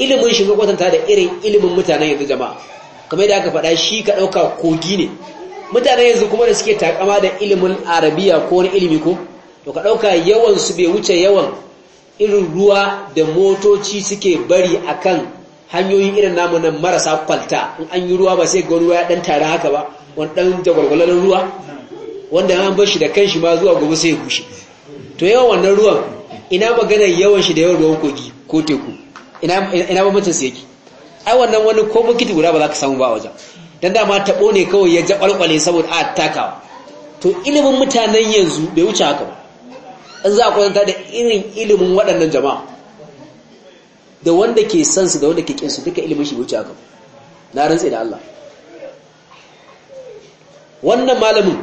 ilimin shi kwatanta da irin ilimin mutanen yanzu jama'a kamar yadda aka faɗa shi ka ɗauka kogi ne mutanen yanzu kuma da suke takama da ilimin arabiya ko wani ilimi ko to ka ɗauka yawan su bai wuce yawan irin ruwa da motoci suke bari akan hanyoyin irin namu nan marasa kwalta in an yi ruwa ba sai ga ruwa ya ɗan tare haka ba wani ɗan jagwalgwalar ruwa wanda an bar shi da kanshi ma zuwa gobe sai ya gushe to yawan wannan ruwan ina maganar yawan shi da yawan ruwan kogi ko teku ina bambancin su yake ai wannan wani ko bukiti guda ba za ka samu ba wajen dan dama taɓo ne kawai ya jakwalkwale saboda a takawa to ilimin mutanen yanzu bai wuce haka ba in za a kwanta da irin ilimin waɗannan jama'a da wanda ke san su da wanda ke kin su duka ilimin shi bai wuce haka ba na rantse da Allah wannan malamin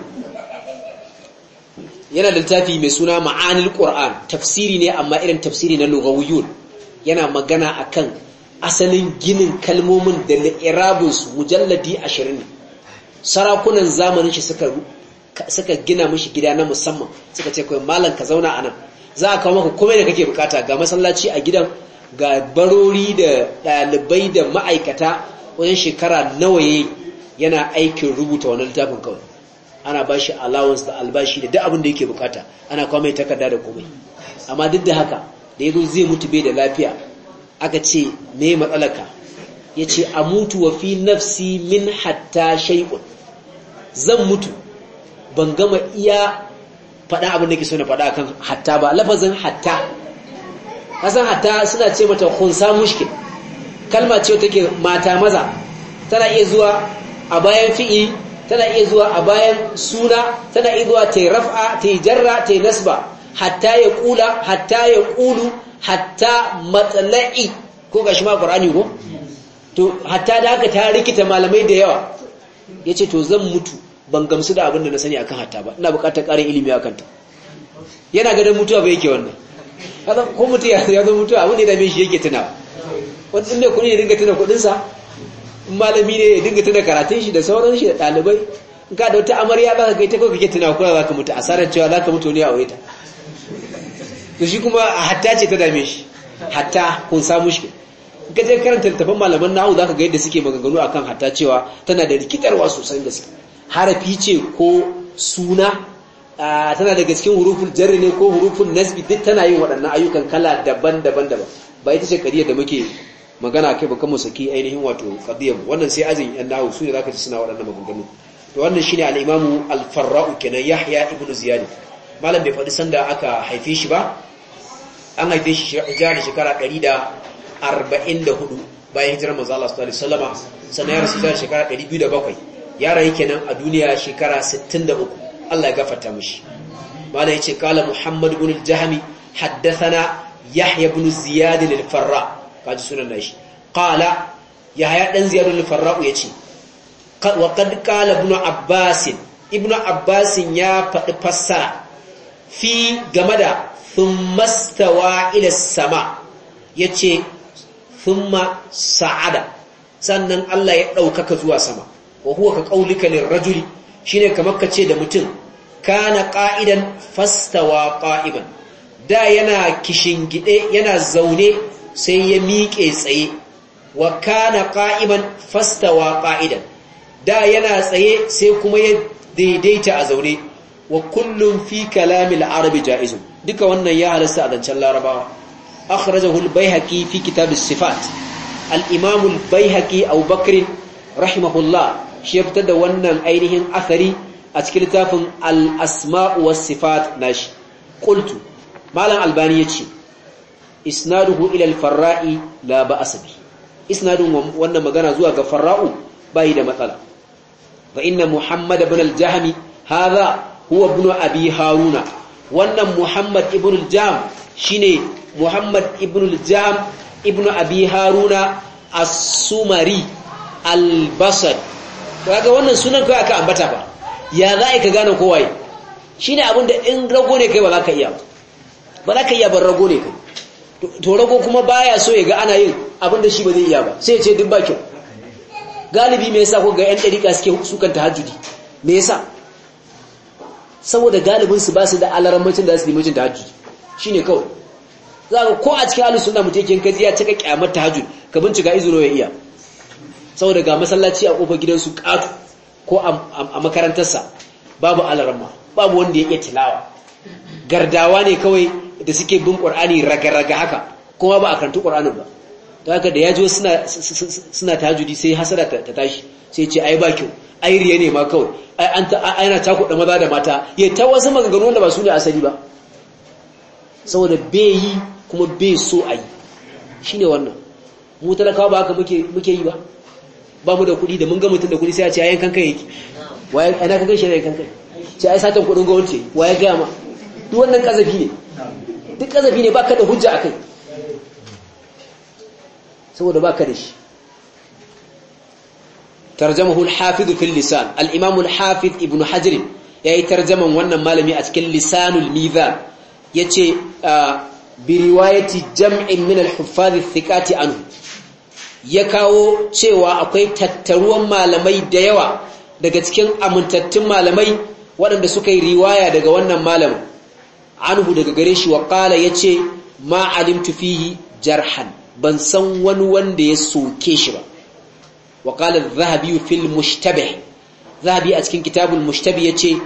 yana da littafi mai suna ma'anil qur'an tafsiri ne amma irin tafsiri na lughawiyun yana magana akan asalin ginin kalmomin da li'irabinsu mujalladi ashirin sarakunan zamanin shi suka gina mashi gida na musamman suka ce kawai malam ka zauna a nan za a kawo maka komai da kake bukata ga masallaci a gidan ga barori da ɗalibai da ma'aikata wajen shekara nawa yana aikin rubuta wani littafin kawai ana ba shi allowance da albashi da duk abin da yake bukata ana kawo mai takarda da komai amma duk da haka da ya zo zai mutu bai da lafiya aka ce me matsalaka ya ce a mutu wa fi nafsi min hatta shaikun zan mutu ban gama iya faɗa abin da ke so na faɗa kan hatta ba lafazin hatta kasan hatta suna ce mata kunsa mushkin. kalma ce ke mata maza tana iya zuwa a bayan fi'i tana iya zuwa a bayan suna tana iya zuwa ta yi raf'a ta yi jarra ta yi nasba hatta ya kula hatta ya kulu hatta matsala'i ko gashi ma qur'ani ko to hatta da haka ta rikita malamai da yawa yace to zan mutu ban gamsu da abin da na sani akan hatta ba ina bukatar ƙarin ilimi akan ta yana ganin mutuwa ba yake wannan kaza ko mutu ya zo abu ne da ya shi yake tuna wanda inda kuɗi ya dinga tuna kuɗin sa malami ne ya dinga tuna karatun shi da sauran shi da ɗalibai in ka da wata amarya za ka kai ta kawai kake tuna kula za ka mutu asarar cewa za ka mutu ne a wayeta to shi kuma hatta ce ta dame shi hatta kun samu shi ka je karanta littafin malaman nahu zaka ga yadda suke maganganu akan hatta cewa tana da rikitarwa sosai suke harafi ce ko suna tana daga cikin hurufin jarri ne ko huruful nasbi duk tana yin waɗannan ayyukan kala daban-daban daban ba ita ce kadiyar da muke magana kai ba musaki ainihin wato kadiyar wannan sai azin yan nahu su ne zaka ji suna waɗannan maganganu to wannan shine al-imamu al-farra'u kenan yahya ibnu ziyad malam bai faɗi sanda aka haife shi ba an haife shi hijira da shekara 144 bayan hijirar manzo Allah sallallahu alaihi wasallama sannan ya rasu da shekara 207 ya rayu kenan a duniya shekara 63 Allah ya gafarta mishi mala yace kala Muhammad ibn al-Jahmi haddathana Yahya ibn Ziyad al-Farra kaji sunan nashi qala Yahya dan Ziyad al-Farra yace wa qad qala ibn Abbas ibn Abbas ya faɗi fassara fi game da thumma stawa ila sama yace thumma sa'ada sannan Allah ya ɗaukaka zuwa sama wa huwa ka qaulika lirrajuli shine kamar kace da mutum kana qa'idan fastawa qa'iban da yana kishingide yana zaune sai ya miƙe tsaye wa kana ƙa'iban fastawa qa'idan da yana tsaye sai kuma ya daidaita a zaune wa kullum fi kalamil arabi ja'izun duka wannan ya halasta a zancen larabawa akhrajahu al-baihaqi fi kitab as-sifat al-imam al-baihaqi Abu rahimahullah shi fitar da wannan ainihin athari a cikin littafin al-asma' was-sifat nashi qultu malam albani yace isnaduhu ila al-farra'i la ba'as bi isnadun wannan magana zuwa ga farra'u bai da matsala fa inna muhammad ibn al-jahmi hadha huwa ibn abi haruna wannan muhammad ibn al-jam shine muhammad ibn al-jam ibn abi haruna as-sumari al basad kaga wannan sunan kai aka ambata ba ya za ka gane kowaye shine abin da in rago ne kai ba za ka iya ba za ka iya ban rago ne kai to rago kuma baya so ya ga ana yin abin da shi ba zai iya ba sai ya ce duk bakin galibi me yasa ko ga yan dariƙa suke sukan tahajjudi me yasa saboda galibin su ba su da alaramacin da su yi mutum tahajjud shine kawai za ka ko a cikin halin suna mutum yake kai ya cika kyamar tahajjud ka bincika izuro ya iya saboda ga masallaci a kofar gidansu ƙatu ko a makarantarsa babu ma. babu wanda ya iya tilawa gardawa ne kawai da suke bin qur'ani raga-raga haka kuma ba a karanta qur'anin ba ta haka da ya wasu suna suna tahajjudi sai hasara ta tashi sai ce ai ba kyau ai riya ne ma kawai ai an ta aina ta kuɗa maza da mata ya ta wasu maganganu wanda ba su ne asali ba saboda bai yi kuma bai so a yi shine wannan mu talakawa ba haka muke muke yi ba ba mu da kuɗi da mun ga mutum da kuɗi sai a ce ayan kankan yake waye ana kankan shi ne kankan a ai satan kuɗin gwamnati waye ga ma duk wannan kazafi ne duk kazafi ne ba ka da hujja akai saboda ba ka da shi tarjamahu al-hafiz fil lisan al-imam al-hafiz ibn hajar yayi tarjaman wannan malami a cikin lisanul mizan yace ah, bi riwayati jam'in min al-huffaz anhu ya kawo cewa akwai tattaruwan malamai da yawa daga cikin amintattun malamai waɗanda suka yi riwaya daga wannan malamin anhu daga gare shi wa qala yace ma alimtu jarhan ban san wani wanda ya soke shi ba wa Zahabi adh-dhahabi zahabi a cikin kitabul ya ce,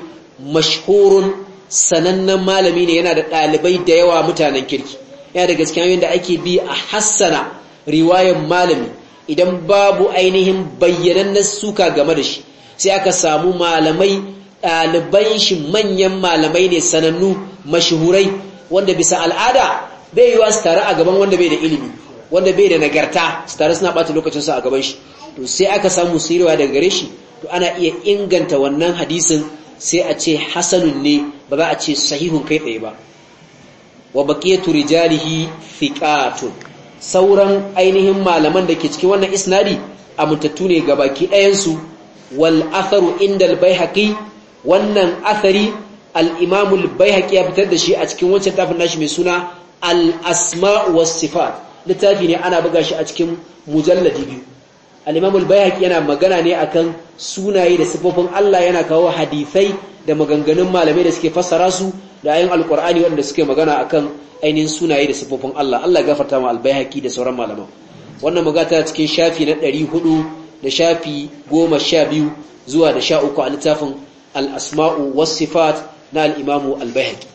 mashhurun sanannen malami ne yana da dalibai da yawa mutanen kirki yana da gaskiya yanda ake bi a hassana riwayar malami idan babu ainihin bayyanannen suka game da shi sai aka samu malamai ɗaliban shi manyan malamai ne sanannu mashhurai wanda bisa al'ada bai yiwa su tare a gaban wanda bai da ilimi wanda bai da nagarta su tare suna ɓata su a gaban shi to sai aka samu sirwa daga gare shi to ana iya inganta wannan hadisin sai a ce hasanun ne ba za a ce sahihun kai tsaye ba wa baqiyatu rijalihi thiqatun sauran ainihin malaman da ke cikin wannan isnadi amintattu ne ga baki ɗayansu, su wal atharu inda baihaqi wannan athari al imamul al baihaqi ya fitar da shi a cikin wancan tafin nashi mai suna al asma' was sifat littafi ne ana buga shi a cikin mujalladi biyu al-imam al-bayhaqi yana magana ne akan sunaye da sifofin Allah yana kawo hadisai da maganganun malamai da suke fassara su da ayin al-qur'ani wanda suke magana akan ainihin sunaye da sifofin Allah Allah gafarta ma al-bayhaqi da sauran malaman wannan magata cikin shafi na 400 da shafi 12 zuwa da 13 a littafin al-asma'u was-sifat na al-imam al-bayhaqi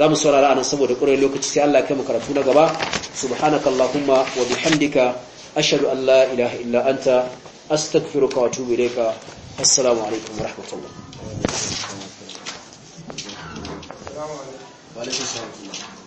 za mu saurara anan saboda ƙurai lokaci sai Allah kai mu karatu na gaba subhanakallahumma wa bihamdika ashhadu an la ilaha illa anta astaghfiruka wa atubu ilayka assalamu alaikum wa rahmatullah wa alaikum